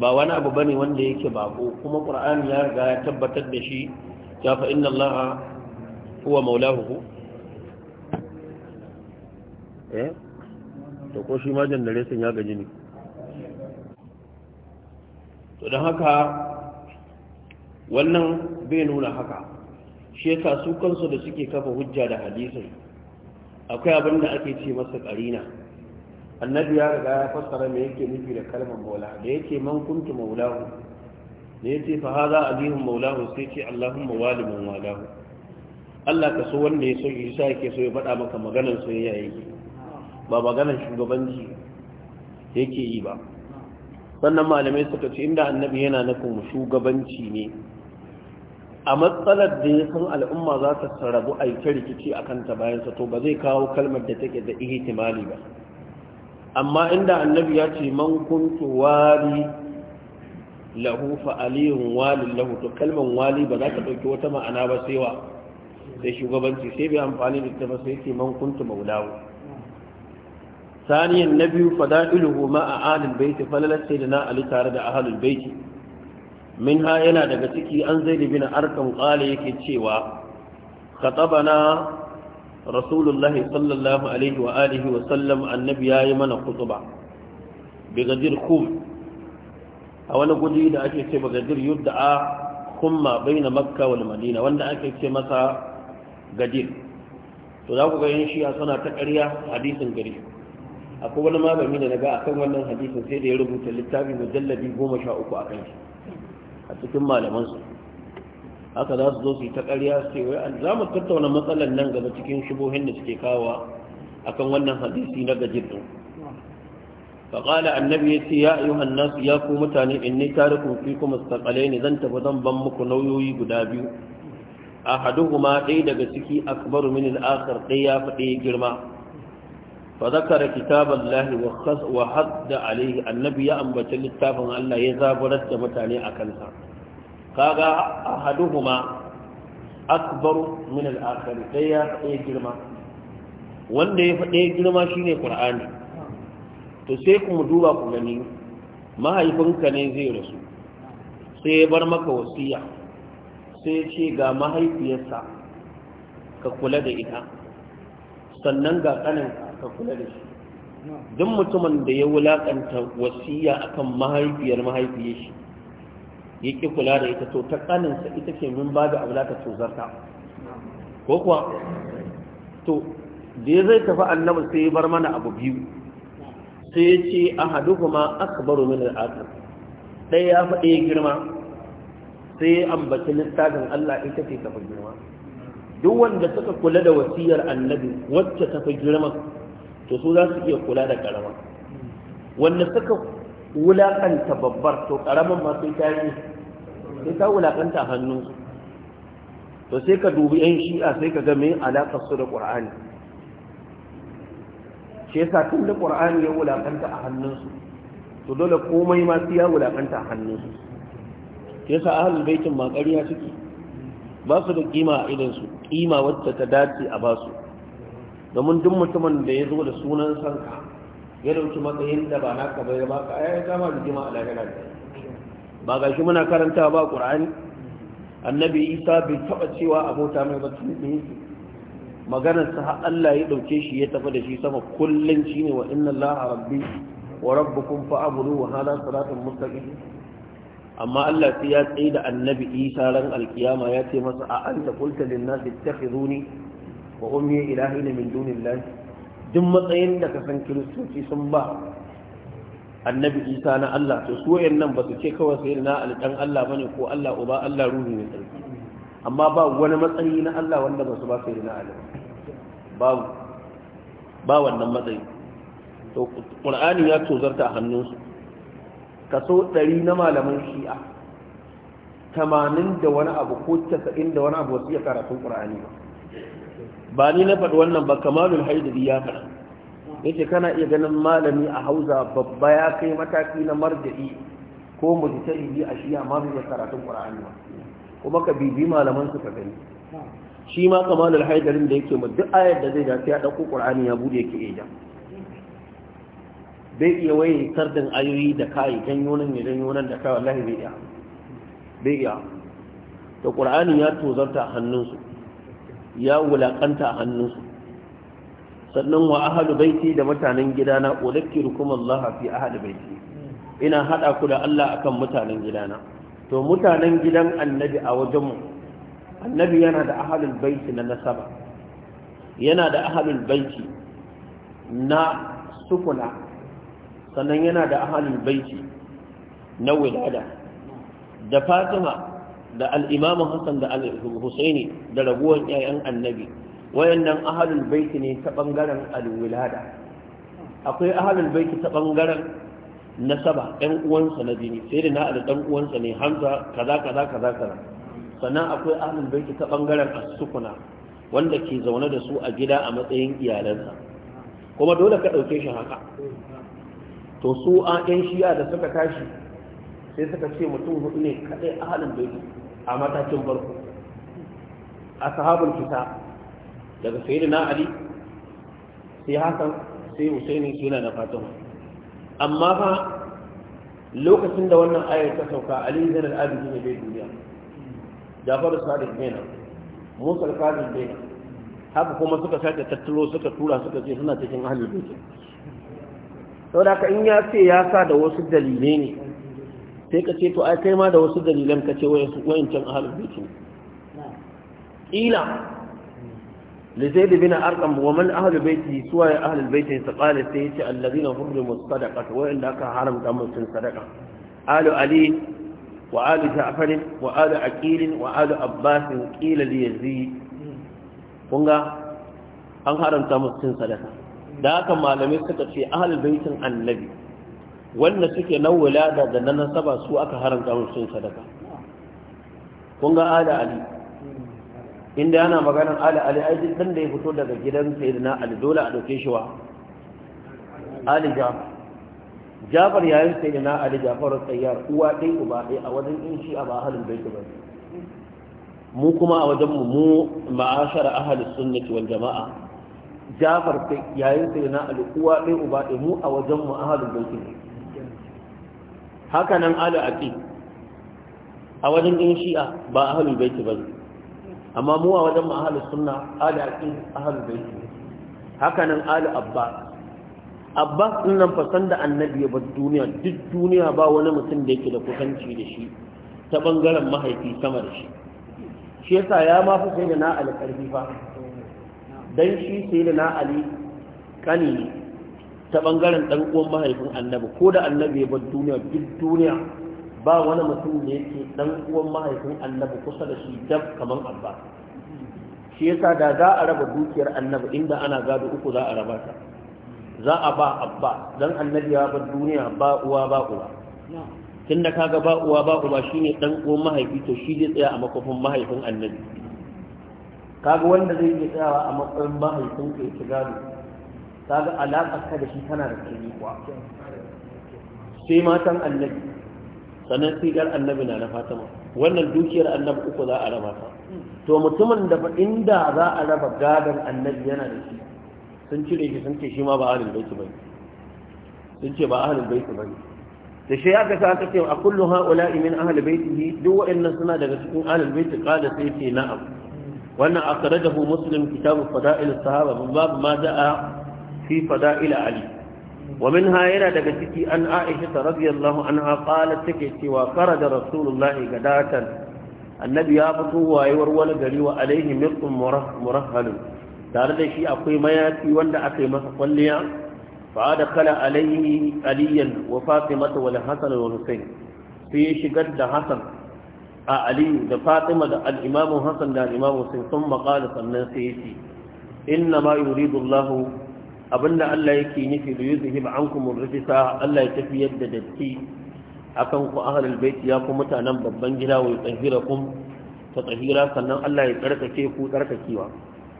[SPEAKER 1] ba wani abu bane wanda yake bako kuma qur'ani ya riga ya tabbatar da shi ya fa inna allaha huwa maulahu eh to ko shi ma sun ya gaji ne to don haka wannan bai nuna haka shi yasa su kansu da suke kafa hujja da hadisin akwai abin da ake ce masa karina annabi ya riga ya fassara me yake nufi da kalmar maula da yake man kuntu maulahu da yake fa hada alihum maulahu sai ce allahumma walimun walahu Allah ka so wanda ya so shi sa yake so ya faɗa maka maganar soyayya yake ba maganar shugabanci yake yi ba sannan malamai suka ce inda annabi yana nufin shugabanci ne a matsalar da ya san al'umma za ta sarrabu a yi rikici a kanta bayansa to ba zai kawo kalmar da take da ihtimali ba amma inda annabi ya ce man kuntu wali lahu fa aliyun wali lahu to kalmar wali ba za ta ɗauki wata ma'ana ba sai wa sai shugabanci sai bai amfani da ita ba sai ce man kuntu maulawu saniyan na biyu fada a ma'a ahalin baiti falalar sai da na ali tare da ahalin baiti min ha yana daga ciki an zai da bina arkan kala yake cewa ka taba na rasulullahi sallallahu alaihi wa alihi wa sallam annabi ya yi mana kutsuba. bigadir kum a wani guji da ake ce bigadir yadda a kuma bai na makka wal madina wanda ake ce masa gadir to za ku ga yin shiya suna ta ƙarya hadisin gari akwai wani malami da naga akan wannan hadisin sai da ya rubuta littafi mujallabi goma sha uku a kanshi a cikin malaman su za su zo su yi ta ƙarya su ce wai an za mu tattauna matsalar nan gaba cikin shubohin da suke kawo akan wannan hadisi na gajin din faqala annabi yace ya ayyuhan nas ya ku mutane inni tarikum fi kum mustaqalaini zan tafi zan ban muku nauyoyi guda biyu ahaduhuma dai daga ciki akbaru mini al-akhir dai ya fadi girma فذكر كتاب da وحد عليه النبي أنبت للتافن الله يزابرت متاني أكنسا كاغا أحدهما أكبر من الآخر ديا إيه جرما wanda ya faɗe girma shine Kur'ani. to sai kuma duba ku gani mahaifinka ne zai rasu sai ya bar maka wasiya sai ce ga mahaifiyarsa ka kula da ita sannan ga ƙaninka ka kula da shi duk mutumin da ya wulakanta wasiya akan mahaifiyar mahaifiyar shi ya ƙi kula da ita to ta ƙaninsa ita ke min ba da abulata tozarta ko kuwa to da ya zai tafi annabi sai ya bar mana abu biyu sai ya ce a haɗu kuma aka baro min al'adar ɗaya ya faɗe girma sai ya ambaci littafin Allah ita ce tafi girma duk wanda suka kula da wasiyar annabi wacce tafi girma to su za su iya kula da ƙarama. wanda suka wulaƙanta babbar to ƙaramin ma sai ta yi sai ta wulakanta hannu to sai ka dubi yan shi'a sai ka ga mai alaƙar su da ƙur'ani shi yasa tun da ƙur'ani ya wulaƙanta a hannunsu to dole komai ma su ya wulaƙanta a hannunsu shi yasa ahlul baitin ma ƙarya suke ba su da kima a idansu kima wacce ta dace a basu domin duk mutumin da ya zo da sunan sanka ya dauki matsayin da ba naka bai ba ka ayyar kama rigima a lahira da ba ga shi muna karanta ba ƙur'ani annabi isa bai taɓa cewa abota mai ba tun maganar sa har Allah ya dauke shi ya tafi da shi sama kullun shine wa inna allaha rabbi wa rabbukum fa'budu wa hada siratun mustaqim amma Allah sai ya tsaye da annabi isa ran alkiyama ya ce masa a anta qulta lin nasi ittakhizuni wa ummi ilahi min dunillah duk matsayin da ka san kiristoci sun ba annabi isa na Allah to su nan ba su ce kawai sai na alƙan Allah bane ko Allah uba Allah ruhi ne sarki amma ba wani matsayi na Allah wanda ba su ba sai na Allah babu ba wannan matsayi to qur'ani ya tozarta a hannunsu kaso 100 na malaman shi'a tamanin da wani abu ko casa'in da wani abu wasu iya karatun ƙur'ani ba ba ni na faɗi wannan ba kamalul haidari ya faɗa yace kana iya ganin malami a hausa babba ya kai mataki na marja'i ko mujtahidi a shi ma bai karatun qur'ani ba kuma ka bibi malaman su ka gani shi ma kamalul haidarin da yake mu duk ayar da zai dace ya dauko qur'ani ya bude yake eja bai iya waye sardin ayoyi da kai janyo nan ne janyo nan da kai wallahi bai iya bai iya to qur'ani ya tozarta hannunsu ya wulaƙanta a hannunsu sannan wa ahalu baiti da mutanen gidana ulakkiru kuma Allah fi ahli baiti ina hada ku da Allah akan mutanen gidana to mutanen gidan annabi a wajen mu annabi yana da ahalul baiti na nasaba yana da ahalul baiti na sukuna sannan yana da ahalul baiti na wilada da Fatima da al'imamin hassan da al-husaini da raguwan 'ya'yan annabi wayannan ahalul baiti ne ta bangaren alwilada akwai ahalul baiti ta bangaren nasaba ɗan uwansa na jini sai da na da ɗan uwansa ne hamza kaza kaza kaza kaza sannan akwai ahalul baiti ta bangaren asukuna wanda ke zaune da su a gida a matsayin iyalansa kuma dole ka ɗauke shi haka to su a 'yan shiya da suka tashi sai suka ce mutum hudu ne kaɗai a halin baiti a matakin barku. a sahabin kita daga da ali sai hasan sai husaini suna da fatima amma fa lokacin da wannan ayar ta sauka ali zan al'adu ne bai duniya jafaru Sadik bena musa al-fadil bena haka kuma suka sake tattaro suka tura suka ce suna cikin ahalin Sau saboda ka in ya ce ya sa da wasu dalilai ne sai ka ce to ai kai ma da wasu dalilan ka ce wayancan ahalul baiti ila baiti بن أرقم ومن أهل بيته سوى أهل بيته فقال سيئة الذين haramta الصدقة وإن لك حرم دمس صدقة آل علي وآل جعفر وآل أكيل وآل أباس قيل ليزيد kunga an haramta musu cin sadaka da haka malamai suka ce ahlul baitin annabi wanda suke nan wulada da na nasaba su aka haramta musu sadaka kun ga ala ali inda yana maganar ala ali ai duk da ya fito daga gidan sayyidina ali dole a dauke shi wa ali jafar ya yayin sayyidina ali jafar sayyar uwa dai uba dai a wajen in shi a ba halin bai ba mu kuma a wajen mu mu ma'ashara ahlus sunnati wal jama'a jafar yayin sayyidina ali uwa dai uba dai mu a wajen mu ahlul bait haka nan alu aqi a wajen ɗin shi'a ba ahlul baiti ba amma mu a wajen mu ahlus sunna alu aqi ahlul baiti haka nan ala Abba, Abba sun nan fa sanda annabi ya bar duniya duk duniya ba wani mutum da yake da kusanci da shi ta bangaren mahaifi sama da shi shi yasa ya ma fi sai da na alƙarfi fa dan shi sai da na ali kani ta bangaren dan uwan mahaifin annabi ko da annabi ya bar duniya duk duniya ba wani mutum da yake dan uwan mahaifin annabi kusa da shi dab kaman abba shi yasa da za a raba dukiyar annabi inda ana gado uku za a raba ta za a ba abba dan annabi ya bar duniya ba uwa ba tun tunda kaga ba uwa ba uwa shine dan uwan mahaifi to shi zai tsaya a makofin mahaifin annabi kaga wanda zai iya tsayawa a matsayin mahaifin ka ya gado kaga alaƙar ka da shi tana da kiri kuwa sai matan annabi sannan sigar annabi na na fatima wannan dukiyar annabi uku za a raba ta to mutumin da inda za a raba gadon annabi yana da shi sun cire shi sun ce shi ma ba ahlul baiti bane sun ce ba ahlul baiti bane da shi aka sa aka ce a kullum haula'i min ahlul baitihi duk wa'annan suna daga cikin ahlul baiti qala sai ce na'am wannan akhrajahu muslim kitabu fada'il sahaba min ma da'a fi ila ali wa minha yana daga ciki an aisha radiyallahu anha qalat take cewa kharaja rasulullahi datan. annabi ya fito wayewar wani gari wa alaihi mirqun tare da shi akwai mayafi wanda aka yi masa kwalliya fa da kala alaihi aliyan wa fatimata wal hasan wal husain sai ya shigar da hasan a Aliyu, da fatima da al imamu hasan da al imamu sun maqala sannan sai yace inna ma yuridu allah abinda Allah yake nufi da yuzhib ankum ar-rijsa Allah ya tafi yadda datti akan ku ahlul bait ya ku mutanen babban gida wa tsahira yutahhirakum ta tsahira, sannan Allah ya tsarkake ku tsarkakewa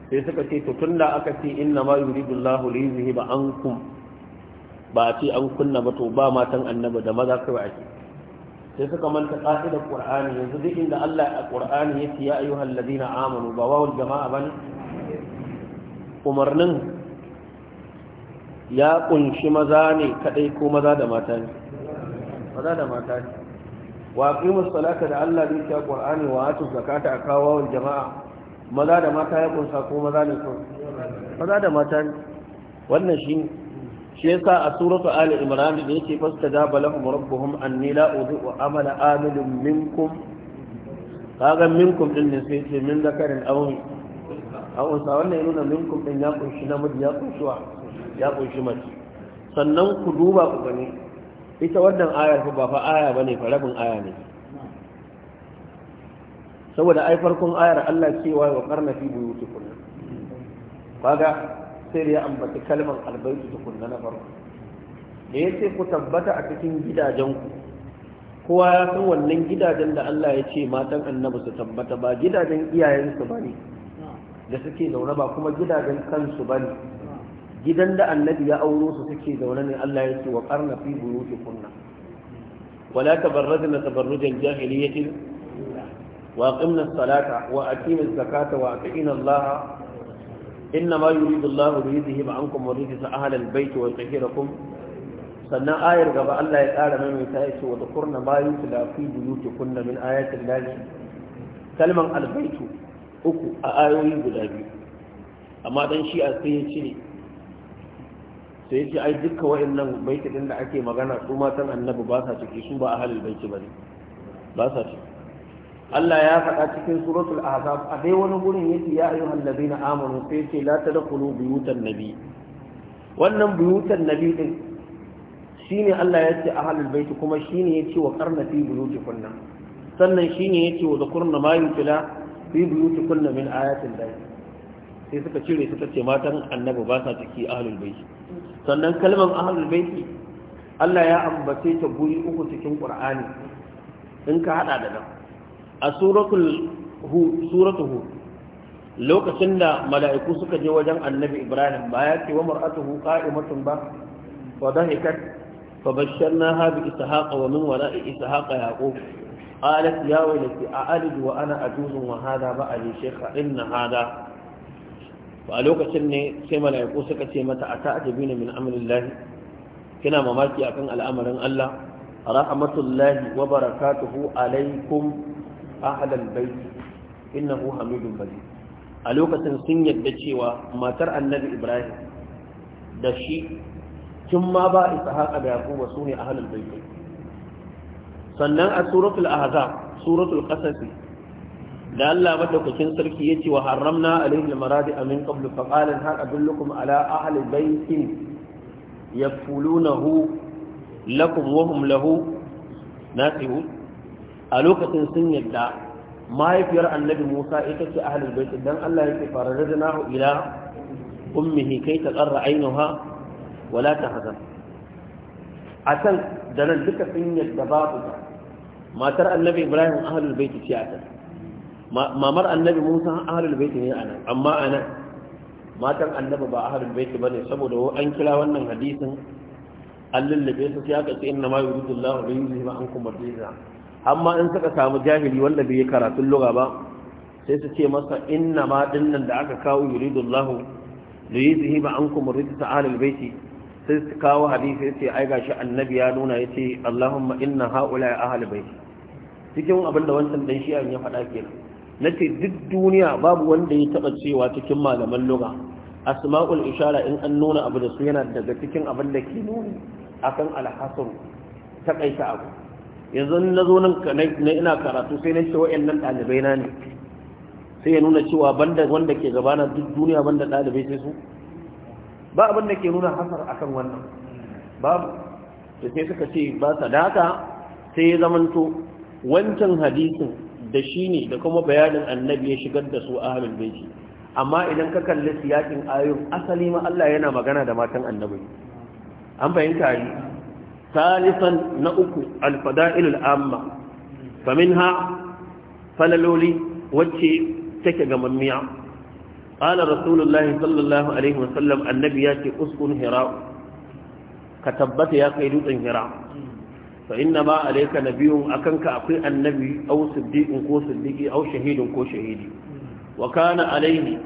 [SPEAKER 1] sai suka ce to tunda aka ce inna ma yuridu Allahu li yuzhib ankum ba a ce an kunna ba to ba matan annaba, da maza kawai ake sai suka manta ka'idar qur'ani yanzu duk inda Allah a qur'ani ya ce ya ayyuhal ladina amanu ba wawul jama'a bane umarnin ya kunshi maza ne kadai ko maza da mata ne maza da mata ne wa aqimus salata da Allah zai ya Qur'ani wa atu zakata a kawo jama'a maza da mata ya kunsa ko maza ne ko maza da mata ne wannan shi shi yasa a suratu ali imran da yake da lahum rabbuhum anni la udhi'u amala amilin minkum kaga minkum din ne sai ce min zakarin aw aw sa wannan yana minkum din ya kunshi namiji ya kunshi wa ya kunshi mace sannan ku duba ku gani ita wannan ayar ku ba fa aya bane fa rabin aya ne saboda ai farkon ayar Allah cewa wa karna fi buyutikum kaga sai ya ambaci kalmar albaitu tukunna na farko da yace ku tabbata a cikin gidajenku kowa ya san wannan gidajen da Allah ya ce matan annabi su tabbata ba gidajen iyayensu bane da suke zaune ba kuma gidajen kansu bane gidan da annabi ya auro su suke zaune ne Allah ya ce wa qarna fi kunna? wala tabarrajna tabarrujan jahiliyyatin wa aqimna as-salata wa atina az-zakata wa atina Allah إنما يريد الله ليذهب عنكم الرجس أهل البيت ويطهركم sannan ayar gaba Allah ya ƙara maimaita ya ce wa zakurna bayan su fi buyuti kunna min ayatin lahi kalman albaitu uku a ayoyi guda biyu amma dan shi a sai ya cire sai yace ai dukkan wayannan baiti din da ake magana su matan annabi ba sa ciki su ba ahlul baiti bane ba sa ciki Allah ya faɗa cikin suratul ahzab a dai wani gurin yace ya ayyuhal ladina amanu sai yace la tadkhulu buyutan nabi wannan buyutan nabi din shine Allah ya yace ahlul baiti kuma shine ya ce wa karna fi buyutikunna sannan shine ya ce wa zakurna ma yutla fi buyutikunna min ayatin lahi sai suka cire suka ce matan annabi ba sa ciki ahlul baiti sannan kalmar ahalul baiti Allah ya ambace ta guri uku cikin Qur'ani in ka hada da nan a suratul hu suratul hu lokacin da mala'iku suka je wajen annabi Ibrahim ba ya ce wa mar'atuhu qa'imatun ba wa dahikat fa basharnaha bi ishaq wa min wara'i ishaq yaqub قالت wa ana أألد وأنا أجوز وهذا بألي shaykha inna hada. ba a lokacin ne sai mala'iku suka ce mata a ta'ajabina min amrillahi kina mamaki akan al'amarin Allah rahmatullahi wa barakatuhu alaikum ahlal bait innahu hamidun majid a lokacin sun yadda cewa matar annabi Ibrahim da shi kin ma ba ishaqa da yaquba sune ahlul bait sannan a suratul ahzab suratul qasas da Allah madaukakin sarki yace wa haramna alayhi al-maradi Amin qabl fa qala hal adullukum ala ahli baytin yafulunahu lakum wa hum lahu nasihu a lokacin sun yadda mahaifiyar annabi Musa ita ce ahlul bayt dan Allah yake nahu ila ummihi kai ta qarra ainuha wala tahzan a can da nan duka sun yadda babu matar annabi Ibrahim ahlul bayt ce a can mamar annabi musa ahalul baiti ne a nan. amma a nan. matan annabi ba ahalul baiti ne saboda an kira wannan hadisin an lullube su sai aka ce inna ma yuridu Allah bi yuzhi ma ankum marjiza amma in suka samu jahili wanda bai yi karatun lugha ba sai su ce masa inna ma dinnan da aka kawo yuridu Allah li yuzhi ma ankum marjiza ahlul baiti sai su kawo hadisi sai ai gashi annabi ya nuna ya ce Allahumma inna haula ahlul baiti cikin abin da wancan dan shi'an ya faɗa kenan na ce duk duniya babu wanda ya taɓa cewa cikin malaman luga asma'ul ishara in an nuna abu da su yana daga cikin abin da ke nuni akan alhasar kaita abu yanzu na zo nan na ina karatu sai na ce wa'annan ɗalibai na ne sai ya nuna cewa banda wanda ke gabana duk duniya banda ɗalibai sai su ba abin da ke nuna hasar akan wannan babu da sai suka ce ba sadaka sai ya zamanto wancan hadisin da shi ne da kuma bayanin annabi ya shigar da su ahlul baiti amma idan ka kalli siyakin ayoyin asali ma Allah yana magana da matan annabi an fahimta yi salisan na uku alfada'ilul amma faminha falaloli wacce take ga mamiya. qala rasulullahi sallallahu alaihi wasallam annabi ya ce uskun hira ka tabbata ya kai dutsen hira fa inna ma alayka nabiyyun akanka akwai annabi au siddiqun ko siddiqi au shahidin ko shahidi wa kana alayhi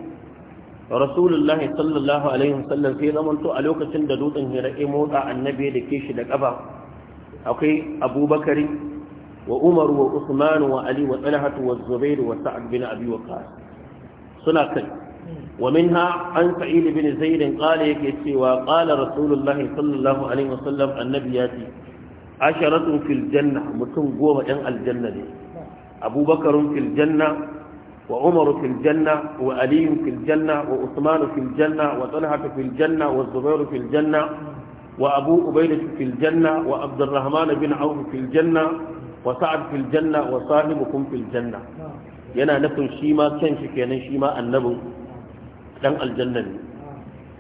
[SPEAKER 1] rasulullahi sallallahu alaihi wasallam sai zaman a lokacin da dutsen hira ya motsa annabi da ke shi da kafa akwai abubakari wa Umaru, wa usman wa ali wa talhatu wa zubair wa sa'ad bin abi waqas suna kai wa minha an sa'id bin zaid qala yake cewa qala rasulullahi sallallahu alaihi wasallam annabi ya ce asharatun fil janna mutum goma ɗan aljanna ne abubakarun fil janna wa umaru fil janna wa aliyu fil janna wa usmanu fil janna wa talhatu fil janna wa zubairu fil janna وأبو أبيدة في الجنة وعبد الرحمن بن عوف wa sa'ad وسعد في الجنة وصاحبكم في الجنة yana nufin shi ma kanshi kenan shi ma annabin dan aljanna ne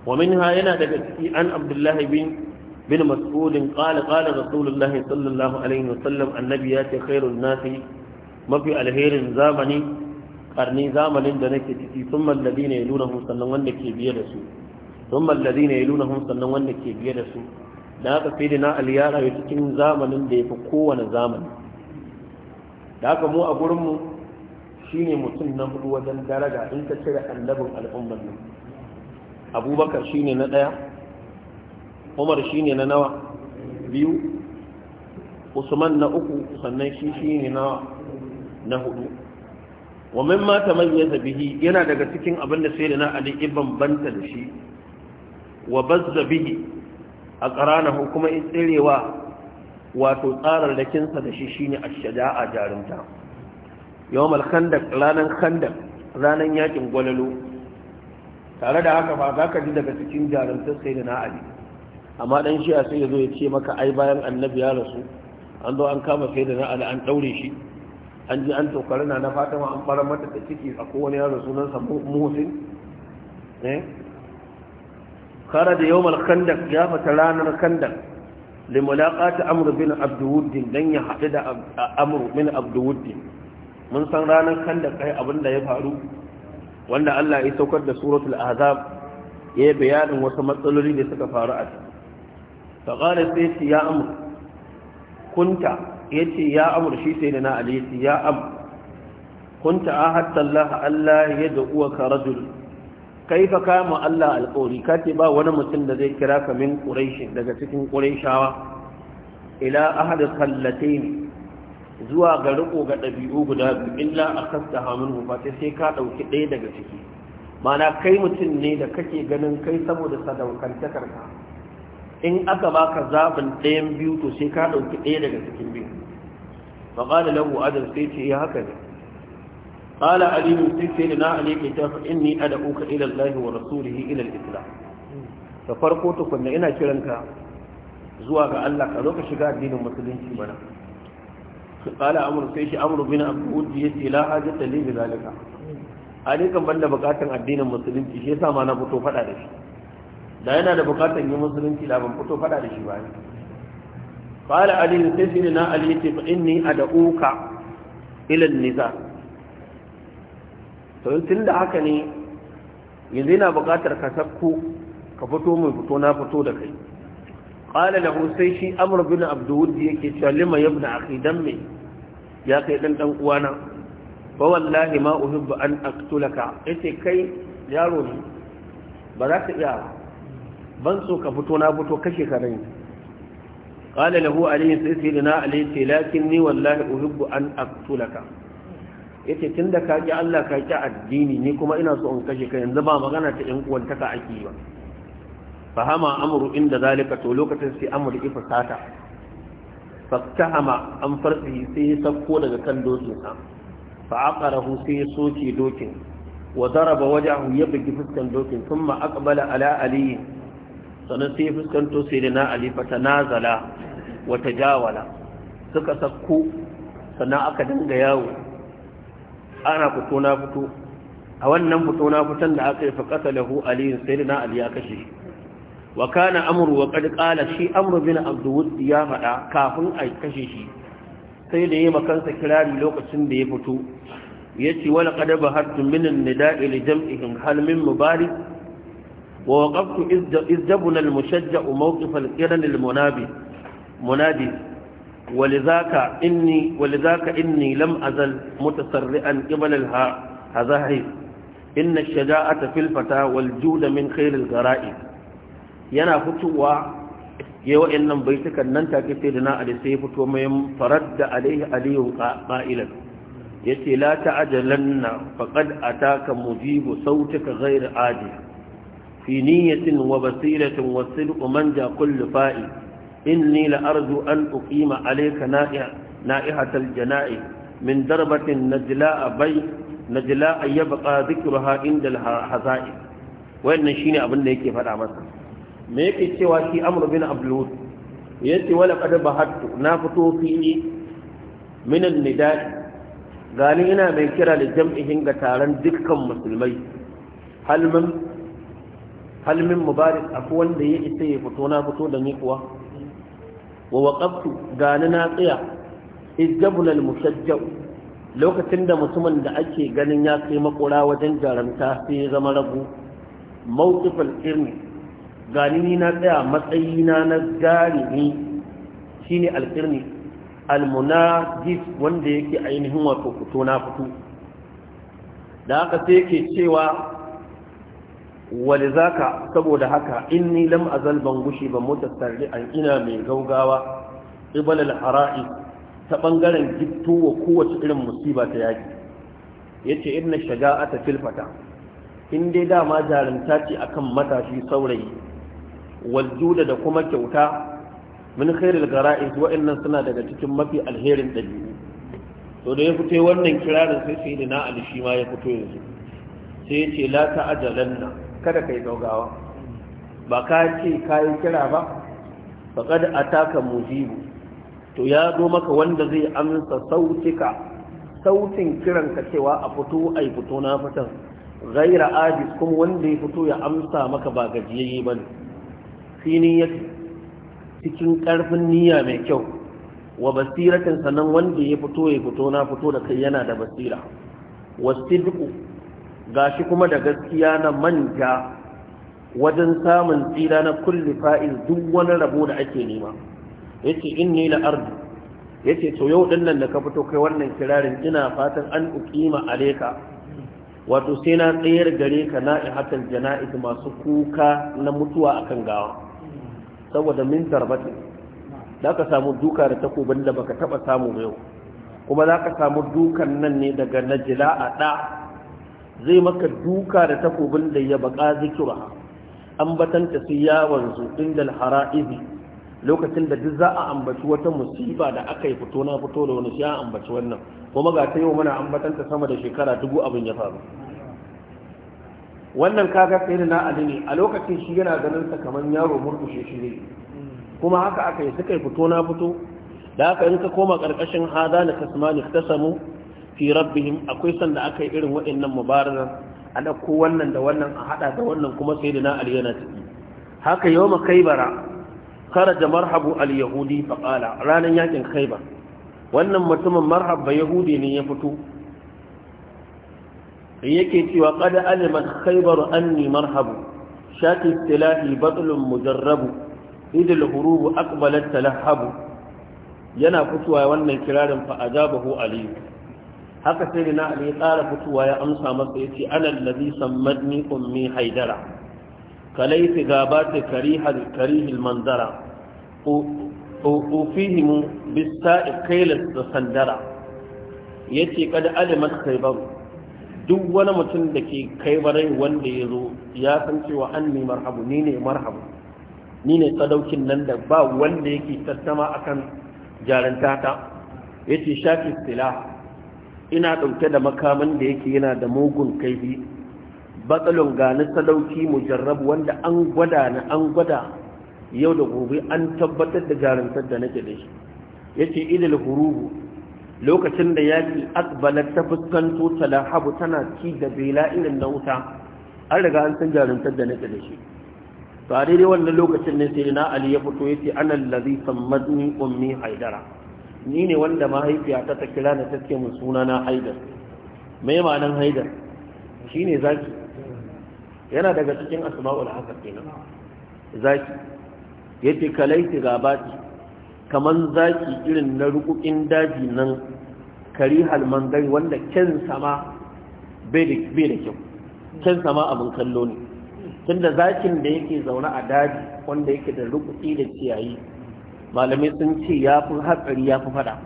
[SPEAKER 1] wa minha yana daga ciki an abdullahi bin bin mas'udin qala qala rasulullah sallallahu alaihi wasallam annabi ya ce khairun nasi mafi alherin zamani karni zamanin da nake ciki sun mallabi ne nuna hun sannan wanda ke biye da su sun mallabi ne nuna hun wanda ke biye da su da haka sai na aliyara ya cikin zamanin da ya fi kowane zamani da haka mu a gurinmu shi ne mutum na hudu wajen daraja in ka cire annabin al'ummar nan abubakar shi ne na ɗaya umar shi ne na nawa biyu usman na uku sannan shi ne nawa na hudu wa mimma tamayyaza bihi yana daga cikin abin da sai na ali ibn banta da shi wa bazza bihi a qaranahu kuma in tsirewa wato tsarar da kinsa da shi shi a ash-shaja'a jarumta yawon khandaq ranar kandar ranar yakin gwalalo tare da haka ba za ka ji daga cikin jarumtar na ali amma dan shi sai ya zo ya ce maka ai bayan annabi ya rasu an zo an kama sai da na ala an daure shi an ji an tokari na na fatima an fara mata da ciki a kowane yaro sunan sa muhsin eh kara da yawmal khandaq ya fata ranar khandaq limulaqati amr bin abdul dan ya hadu da amr bin abdul mun san ranar kandar kai abin da ya faru wanda Allah ya saukar da suratul ahzab ya yi bayanin wasu matsaloli da suka faru a ciki faƙala sai ce ya kunta ya ce ya shi sai na alisi ya amur kunta a hattallaha Allah ya da uwa ka rajul kai fa kama Allah alƙawari ka ce ba wani mutum da zai kira ka min ƙuraishi daga cikin ƙuraishawa ila ahad kallatain zuwa ga riƙo ga ɗabi'u guda biyu illa akasta hamin hufata sai ka ɗauki ɗaya daga ciki mana kai mutum ne da kake ganin kai saboda sadaukantakarka in aka baka zaɓin ɗayan biyu to sai ka ɗauki ɗaya daga cikin biyu faƙada lahu adam sai ce ya eh, haka ne ƙala aliyu sai sai da na alaƙi ta a inni ad'uka ilal lahi wa rasulihi ilal isla islam da farko tukunna ina kiranka zuwa ga Allah ka zo ka shiga addinin musulunci mana قال amur sai shi amur bin abdud yace la hajata li bi zalika ne kan banda buƙatan addinin musulunci shi ya sa ma na fito fada da shi da yana da bukatar yi musulunci da ban fito fada da shi ba ne qala ali sai sai na ali yace fa inni ad'uka ila niza to tun da haka ne yanzu yana bukatar ka sakko ka fito mai fito na fito da kai qala lahu sai shi amr bin abdud yake cewa lima yabna akhi dan ya kai dan dan uwana fa wallahi ma uhibbu an aqtulaka yace kai yaro ne ba za ka iya ban so ka fito na fito kashe ka rai qala lahu alayhi sayyidina alayhi ce ni wallahi uhibbu an aqtulaka yace tunda ka ki Allah ka ki addini ni kuma ina so in kashe ka yanzu ba magana ta yan uwantaka ake ba fahama amru inda zalika to lokacin sai amru sata fatahama an farsi sai ya sakko daga kan dokin dokinsa fa'aqarahu sai ya soke dokin wa daraba wajahu ya bugi fuskan dokin thumma aqbala ala ali sannan sai fuskanto sai da na ali fata nazala wata jawala suka sakko sannan aka dinga yawo ana fito na fito a wannan fito na fitan da aka yi faƙasa lahu aliyin sai da na ali ya kashe wa kana amru wa qad qala shi amru bin abdul ya faɗa kafin a kashe shi sai da yi makansa kirari lokacin da ya fito ya ce wani ƙadaba hattun binin nida'i da jam'ihin halmin mubarak ووقفت إذ جبل المشجع موقف القرن المنادي منادي ولذاك إني, ولذاك إني لم أزل متسرعا قبل الهزاهي إن الشجاعة في الفتى والجود من خير الغرائب yana fitowa ya wa'annan baitukan nan take sai da na ali sai ya fito mai faradda alaihi aliyu qa'ilan yace la ta'ajalanna faqad ataka mujibu sautuka ghayr aji. في نية وبصيرة والصدق منجى كل فائل إني لأرجو أن أقيم عليك نائحة, نائحة الجنائح من دربة نجلاء بي نجلاء يبقى ذكرها عند الحزائن وإن شيني أبن ليك فرع مثلا ما يكي سوى شي أمر بن أبلوت يأتي ولقد بهدت نافتو فيه من النداء قال هنا من كرا لجمعهم قتالا ذكا مسلمين هل من halmin mubarak akwai wanda ya isa ya fito na fito da ni kuwa wa waqaftu gani na tsaya izjabul al lokacin da mutumin da ake ganin ya kai makura wajen jaranta sai ya zama rabu mawqifal irmi gani ni na tsaya matsayi na na ni shine alqirni almunajis wanda yake ainihin wato fito na fito da haka sai yake cewa wani zaka saboda haka in lam azal ban gushi ba mutasarri an ina mai gaugawa ibal harai ta ɓangaren gitto wa kowace irin musiba ta yaki yace inna shaja'ata ta fata in dai dama jarumta ce akan matashi saurayi wal da kuma kyauta min khairil gara'is wa'annan suna daga cikin mafi alherin dabi'u to da ya fito wannan kirarin sai sai na ali shi ma ya fito yanzu sai ya ce la ta'ajalanna kada ka yi gaugawa ba ka ce ka yi kira ba kada a taka mujibu to ya zo maka wanda zai amsa sautika sautin kiranka cewa a fito a fito na fitan gaira ajis kuma wanda ya fito ya amsa maka ba gajiyayye ba ne finin ya cikin ƙarfin niyya mai kyau wa basiratin sannan wanda ya fito ya fito na fito da kai yana da basira wasu gashi kuma da gaskiya na manja wajen samun tsira na kulli fa'il duk wani rabo da ake nema ce in la ardu yace to yau din nan da ka fito kai wannan kirarin ina fatan an ma aleka. wato sai na tsayar gare ka na'ihatul jana'iz masu kuka na mutuwa akan gawa saboda min darbati da ka samu duka da takobin da baka taba samu yau kuma za ka samu dukan nan ne daga najila a ɗa zai maka duka da takobin da ya baka zikira ambatanta su ya wanzu inda hara'izi lokacin da duk za a ambaci wata musiba da aka yi fito na fito da wani ya ambaci wannan kuma ga ta yau muna ambatanta sama da shekara dubu abin ya faru wannan kaga sai na ali ne a lokacin shi yana ganin sa kamar yaro murkushe shi ne kuma haka aka yi suka yi fito na fito da aka yi ka koma karkashin hada na kasmani ta samu fi rabbihim akwai sanda aka yi irin waɗannan mubarar a ɗauko wannan da wannan a haɗa da wannan kuma sai da na aliyana ciki haka yau ma kaibara kharaja marhabu al-yahudi faqala ranan yakin Kaibar, wannan mutumin marhaba yahudi ne ya fito yake cewa qad alima khaybar anni marhabu shati istilahi batlun mujarrabu idil hurub aqbalat talahabu yana fitowa wannan kirarin fa ajabahu aliyu haka sai na ali tsara fitowa ya amsa masa yace ana allazi sammadni ummi haidara kalaysa gaba karihal karihil manzara ufihimu bisa kailas da sandara yace kada alimat khaybaru duk wani mutum da ke kaibarai wanda ya zo ya san cewa an ne marhabu ni ne marhabu ni ne sadaukin nan da ba wanda yake tattama akan jarantata yace shafi silaha. ina ɗauke da makaman da yake yana da mugun kaifi batsalon gani sadauki mujarrabu, wanda an gwada na an gwada yau da gobe an tabbatar da jarumtar da nake da shi ce idil hurubu lokacin da yaki asbala ta fuskanto talahabu tana ci da bela irin na wuta an riga an san jarumtar da nake da shi to a daidai wannan lokacin ne sai na ali ya fito yace anan allazi sammadni ummi haidara ni ne wanda mahaifiya ta ta kira na ta ce mun suna na haidar mai ma'anan haidar shi ne zaki yana daga cikin asma'ul haka kenan zaki yake kalaiti gabati kaman zaki irin na rukukin daji nan kari halmangari wanda kyan sama bai da kyau kyan sama abin kallo ne tunda zakin da yake zaune a daji wanda yake da rukuki da ciyayi malamai sun ce ya fi hatsari ya fi fada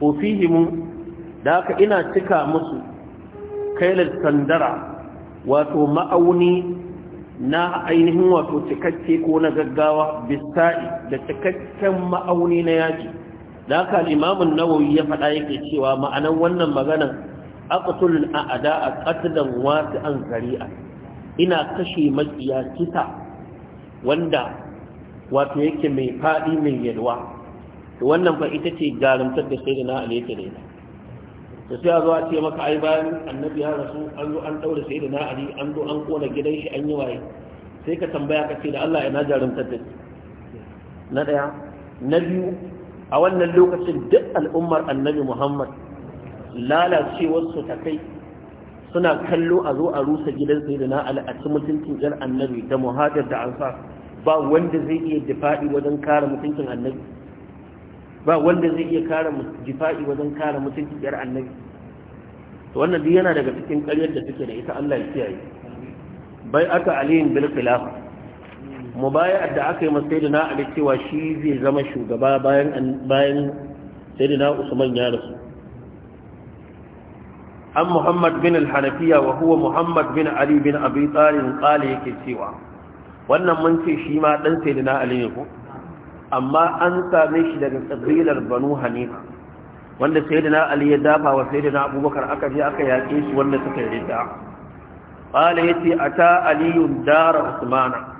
[SPEAKER 1] ofihimu da aka ina cika musu kailar sandara wato ma'auni na ainihin wato cikakke ko na gaggawa bisa'i da cikakken ma'auni na yaki da aka limamin nawawi ya faɗa yake cewa ma'anan wannan maganan a a'da a wasu an zari'a ina kashe maƙiya kisa wanda wato yake mai faɗi mai yalwa to wannan fa ita ce garimtar da sai da na ali yake da sai a zo a ce maka ai bayan annabi ya rasu an zo an ɗaure sai da na ali an zo an kona gidan shi an yi waye sai ka tambaya ka ce da Allah na jarumtar da na ɗaya na biyu a wannan lokacin duk al'ummar annabi Muhammad su ta kai suna kallo a zo a rusa gidan sai da na ali a ci mutuncin jar annabi da muhajar da ansar ba wanda zai iya difa'i wajen kare mutuncin annabi ba wanda zai iya kare difa'i wajen kare mutuncin yar annabi to wannan biyu yana daga cikin ƙaryar da suke da ita Allah ya kiyaye bai aka aliyin bil Mu mubayar da aka yi masa na ali cewa shi zai zama shugaba bayan bayan na usman ya rasu an muhammad bin al-hanafiya wa huwa muhammad bin ali bin abi talib qali yake cewa wannan mun ce shi ma dan sai ali ne ko amma an same shi daga kabilar banu hanifa wanda na ali ya dafa wa na abubakar aka je aka yaƙe shi wanda suka yi ya ce a ta Aliyu dara usmana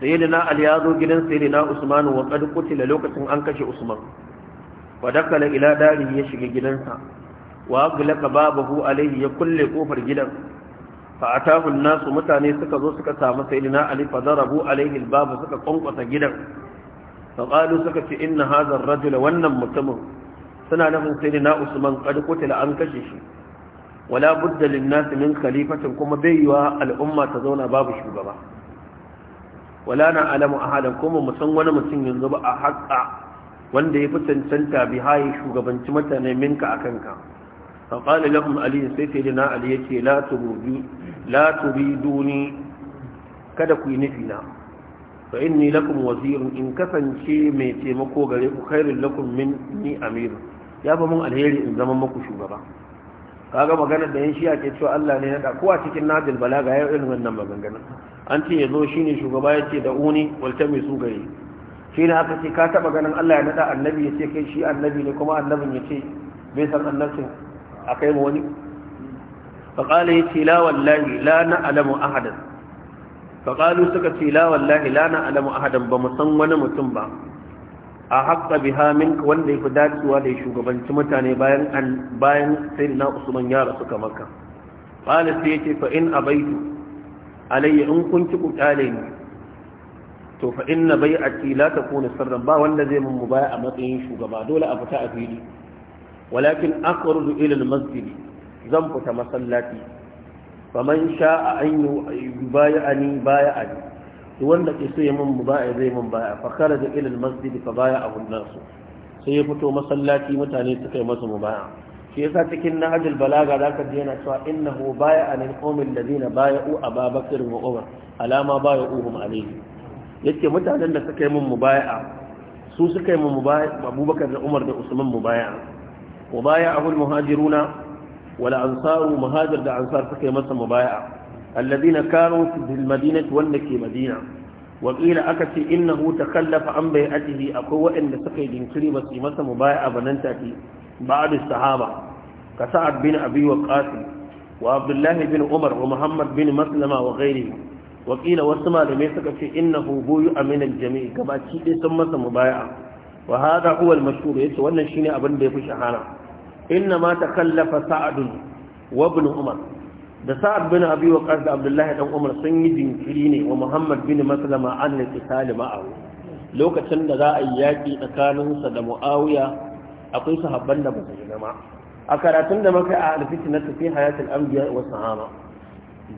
[SPEAKER 1] sai da na ali ya zo gidan na usman wa qad da lokacin an kashe usman wa dakala ila dari ya shiga gidansa wa gulaka babahu alaihi ya kulle kofar gidan fa atahu nasu mutane suka zo suka samu sayyidina ali fa darabu alaihi albab suka kwankwasa gidan fa qalu suka ce inna hadha ar-rajul wannan mutumin suna nufin sayyidina usman qad qutila an kashe shi wala budda lin-nas min khalifatin kuma bai yiwa al'umma ta zauna babu shugaba wala na alamu ahadan kuma mu san wani mutum yanzu ba a haƙa wanda ya fi cancanta bi haye shugabanci mutane minka kanka. فقال لهم علي سيدنا علي يكي لا تريدوني لا تريدوني kada ku yi nufina fa ni lakun wazirin, in kasance mai taimako gare ku khairul lakun min ni amirun ya fi mun alheri in zama muku shugaba Ka ga maganar da yan shi ake cewa Allah ne na da kowa cikin nadil ga ya irin wannan maganganun an ce yazo shine shugaba yace da uni wal tamisu gare shine haka ce ka taba ganin Allah ya nada annabi ya ce kai shi annabi ne kuma annabin ya ce bai san annabin a kai ma wani faƙala ya ce la wallahi la na alamu ahadan faƙalu suka ce la wallahi la na alamu ahadan ba mu san wani mutum ba a haƙa biha min wanda ya fi dacewa da ya shugabanci mutane bayan an bayan sai na usman yara suka maka ƙala sai ya ce fa in abaitu alayya in kun ci ku ƙyale to fa inna bai'ati la takunu sirran ba wanda zai mun mubaya a matsayin shugaba dole a fita a fili walakin akhruju ila al-masjid zan fita masallaci faman sha'a an yubayani bay'ani wanda ke so ya mun mubaya zai mun baya fa kharaja ila al-masjid fa baya abu nas sai ya fito masallaci mutane suka yi masa mubaya shi yasa cikin nahjul balaga zaka ji yana cewa innahu bay'a lil alama mutanen da suka yi mun mubaya'a su suka yi mun mubaya'a abubakar da umar da usman mubaya وبايعه المهاجرون والأنصار مهاجر دا أنصار فكي مسا مبايعة الذين كانوا في المدينة والنكي مدينة وقيل أكتي إنه تخلف عن بيعته أقوى إن سكي دنكري بسي مسا مبايعة بننتأتي بعد الصحابة كسعد بن أبي وقاسم وعبد الله بن عمر ومحمد بن مسلمة وغيره وقيل وسمى لميسكتي إنه بويع من الجميع كما تشيء سمسا مبايعة وهذا هو المشهور يتوانا شيني أبن بيفو شحانا inna ma ta kallafa Sa'adun ibn umar da sa'ad bin abi waqas da abdullahi dan umar sun yi jinkiri ne wa muhammad bin maslama an al-qital lokacin da za a yi yaki tsakaninsa da muawiya akwai sahabban da ba a karatun da muka a alfitina ta fi hayatul anbiya wa sahaba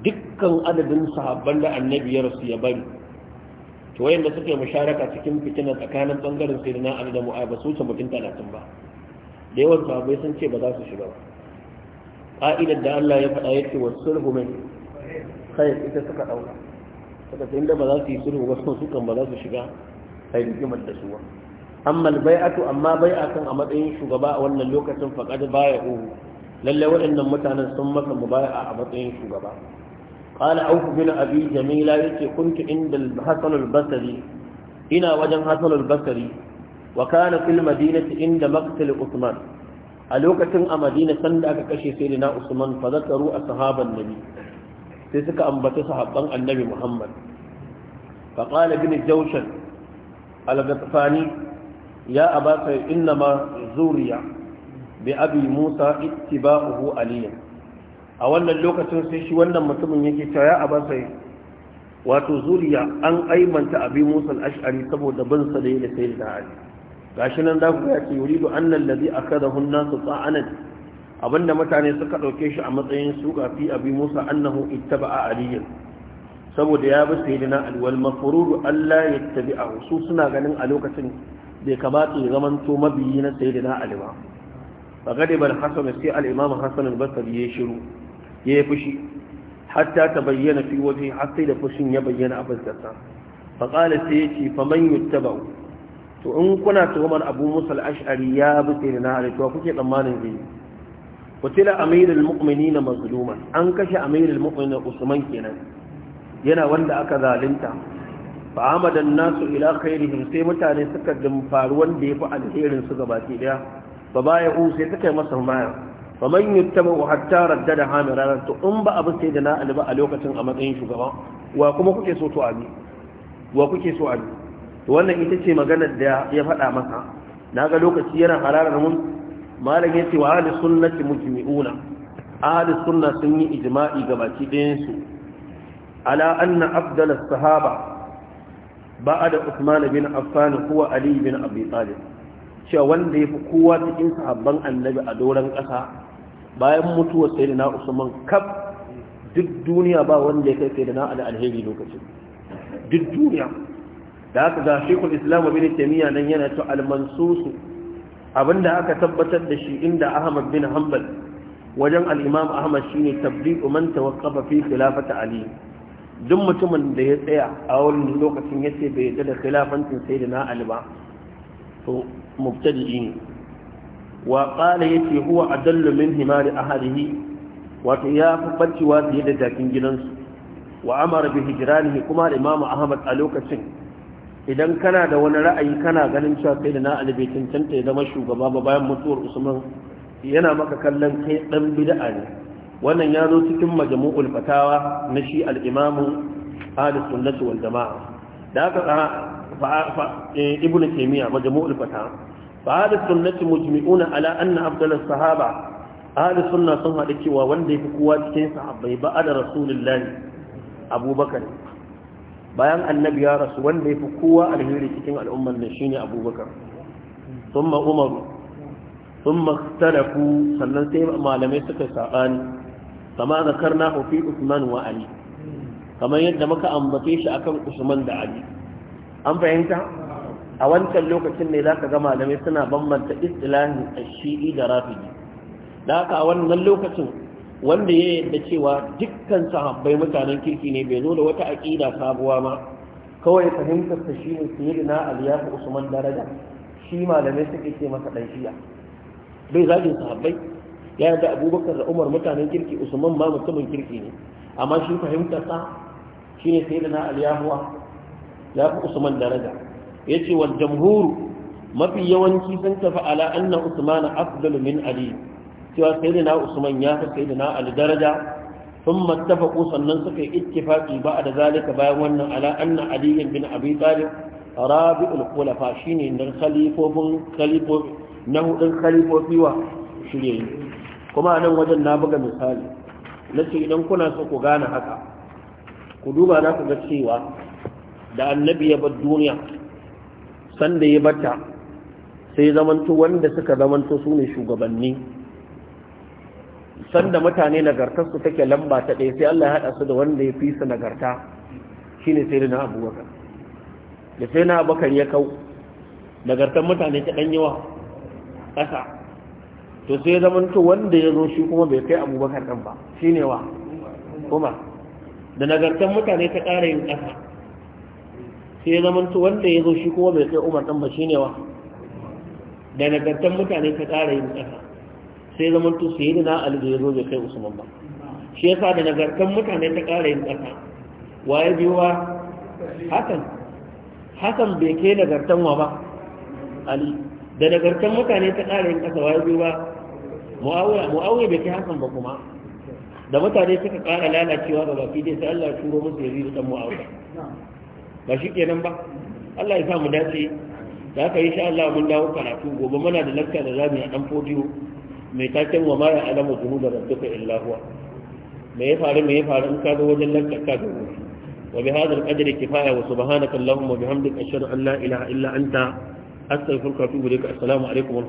[SPEAKER 1] dukkan adadin sahabban da annabi ya rasu ya bari to wayanda suke musharaka cikin fitina tsakanin bangaren sayyidina ali da muawiya ba su wuce mutum da ba da yawan sahabbai sun ce ba za su shiga ba da Allah ya faɗa yake wa sulhu mai kai ita suka ɗauka suka ce inda ba za su yi sulhu ba sun sukan ba za su shiga kai rigimar da suwa. amma bai'atu amma bai'atan a matsayin shugaba a wannan lokacin baya bai'u lalle waɗannan mutanen sun maka baya a matsayin shugaba قال عوف بن أبي جميلة يتي كنت عند الحسن البصري إنا وجن حسن البصري wa kana fil madinati inda maqtal Usman a lokacin a Madina sanda aka kashe na Usman fa zakaru ashaban nabi sai suka ambata sahabban annabi Muhammad fa qala ibn Jawshan al-Ghatfani ya abasa innama zuriya bi abi Musa ittiba'uhu aliyan a wannan lokacin sai shi wannan mutumin yake cewa ya abasa wato zuriya an aimanta abin musul ash'ari saboda bin sa da yi da sai da ali gashi nan za ku ga ce yuridu annal da akadahu an-nasu ta'anan abinda mutane suka dauke shi a matsayin suka fi abi Musa annahu a aliyan saboda ya bi sayyidina na wal mafururu Allah a su suna ganin a lokacin bai kamata ya zamanto mabiyi na na Ali ba hatta ta bayyana fi حسن البصري يشرو يفشي حتى تبين في وجهه حتى لفشن يبين ابو الزكاه فقال سيتي فمن يتبع to in kuna tuhumar abu musa al'ashari ya bute da na hari to kuke tsammanin zai kutila Mukmini na mazluman an kashe Mukmini na usman kenan yana wanda aka zalunta fa amadan nasu ila khairihim sai mutane suka dimfaru wanda ya fi alherin su ke daya Ba baya u sai suka yi masa maya ba man yuttabu hatta raddada ranar. to in ba abu sai da na ba a lokacin a matsayin shugaba wa kuma kuke so to abi wa kuke so abi to wannan ita ce maganar da ya faɗa masa na ga lokaci yana halarar mun malam ya ce wa ahli sunnati mujmi'una ahli sunna sun yi ijma'i ga baki ɗayan su ala anna afdal sahaba ba'da Uthman bin Affan huwa Ali bin Abi Talib cewa wanda yafi kowa cikin sahabban annabi a doran ƙasa bayan mutuwar sayyidina Usman kaf duk duniya ba wanda ya kai sai da alheri lokacin duk duniya da haka ga shekul islam bin taimiyya nan yana ta almansusu abinda aka tabbatar da shi inda ahmad bin hanbal wajen al'imam ahmad shine tabdi'u man tawaqqafa fi khilafati ali duk mutumin da ya tsaya a wani lokacin yace bai yarda da sai da na ba to mubtadi'i ne wa ya ce huwa a min himari harihi wato ya fi barcewa fiye da jakin gidansu wa amara bi kuma da imamu ahmad a lokacin idan kana da wani ra'ayi kana ganin cewa kai da na ali bai cancanta ya zama shugaba ba bayan mutuwar usman yana maka kallon kai dan bid'a ne wannan ya zo cikin majmu'ul fatawa na shi al-imam ahlus sunnati wal jama'a da haka fa eh, ibnu taymiya majmu'ul fatawa fa ahlus sunnati mujmi'una ala anna afdalus sahaba ahlus sunna sun hada cewa wanda yafi kowa cikin sahabbai ba da rasulullahi abubakar bayan annabi ya rasu wanda ya fi kowa alheri cikin al'ummar shi shine abubakar thumma umar thumma ikhtalafu sannan sai malamai suka sabani kama zakarna fi usman wa ali kamar yadda muka ambace shi akan usman da ali an fahimta a wancan lokacin ne zaka ga malamai suna bambanta istilahin shi'i da rafidi da haka a wannan lokacin wanda ya yadda cewa dukkan sahabbai mutanen kirki ne bai zo da wata aƙida sabuwa ma kawai fahimtar ta shi ne sayyidina ali ya fi usman daraja shi malamai suke ce masa ɗan shiya bai zagin sahabbai ya yadda abubakar da umar mutanen kirki usman ma mutumin kirki ne amma shi fahimtar sa shi ne sayyidina ali ya huwa ya fi usman daraja ya ce wal jamhuru mafi yawanci sun tafi ala anna usman afdalu min ali cewa sai da na usman ya fi da ali daraja sun اتفقوا sannan suka yi ittifaqi ba a da zalika bayan wannan ala anna bin abi talib rabi'ul khulafa shine nan na hudun kalifofi wa shirye kuma nan wajen na buga misali na ce idan kuna so ku gane haka ku duba za ku ga cewa da annabi ya bar duniya sanda ya bata sai zamantu wanda suka zamantu su ne shugabanni sanda mutane nagartarsu take lamba ta ɗaya sai Allah ya haɗa su da wanda ya fi su nagarta ne sai na abubakar da sai na abokan ya kau nagartar mutane ta ɗan yawa ƙasa to sai ya zama to wanda ya zo shi kuma bai kai abubakar ɗan ba shi ne wa kuma da nagartar mutane ta ƙara yin ƙasa sai ya zama to wanda ya zo shi kuma bai kai umar ɗan ba shi ne wa da nagartar mutane ta ƙara yin ƙasa sai zaman to sai da na ali da ya zo bai kai usman ba shi yasa da nagartan mutane ta ƙara yin ƙasa waye biyuwa hakan hakan bai kai nagartan wa ba ali da nagartan mutane ta ƙara yin ƙasa waye biyuwa mu'awiya bai kai hakan ba kuma da mutane suka ƙara lalacewa ga baki dai sai Allah ya turo musu yazi da dan mu'awiya ba shi kenan ba Allah ya sa mu dace da aka yi sha Allah mun dawo karatu gobe muna da lakka da zamu yi a dan fodiyo mai taken wa mara alama zunu da rabbuka illa huwa me ya faru me ya faru in ka zo wajen lantar ka zo wa bi hadal qadri kifaya wa subhanaka allahumma wa bihamdika ashhadu an la ilaha illa anta astaghfiruka wa atubu ilaik
[SPEAKER 2] assalamu alaikum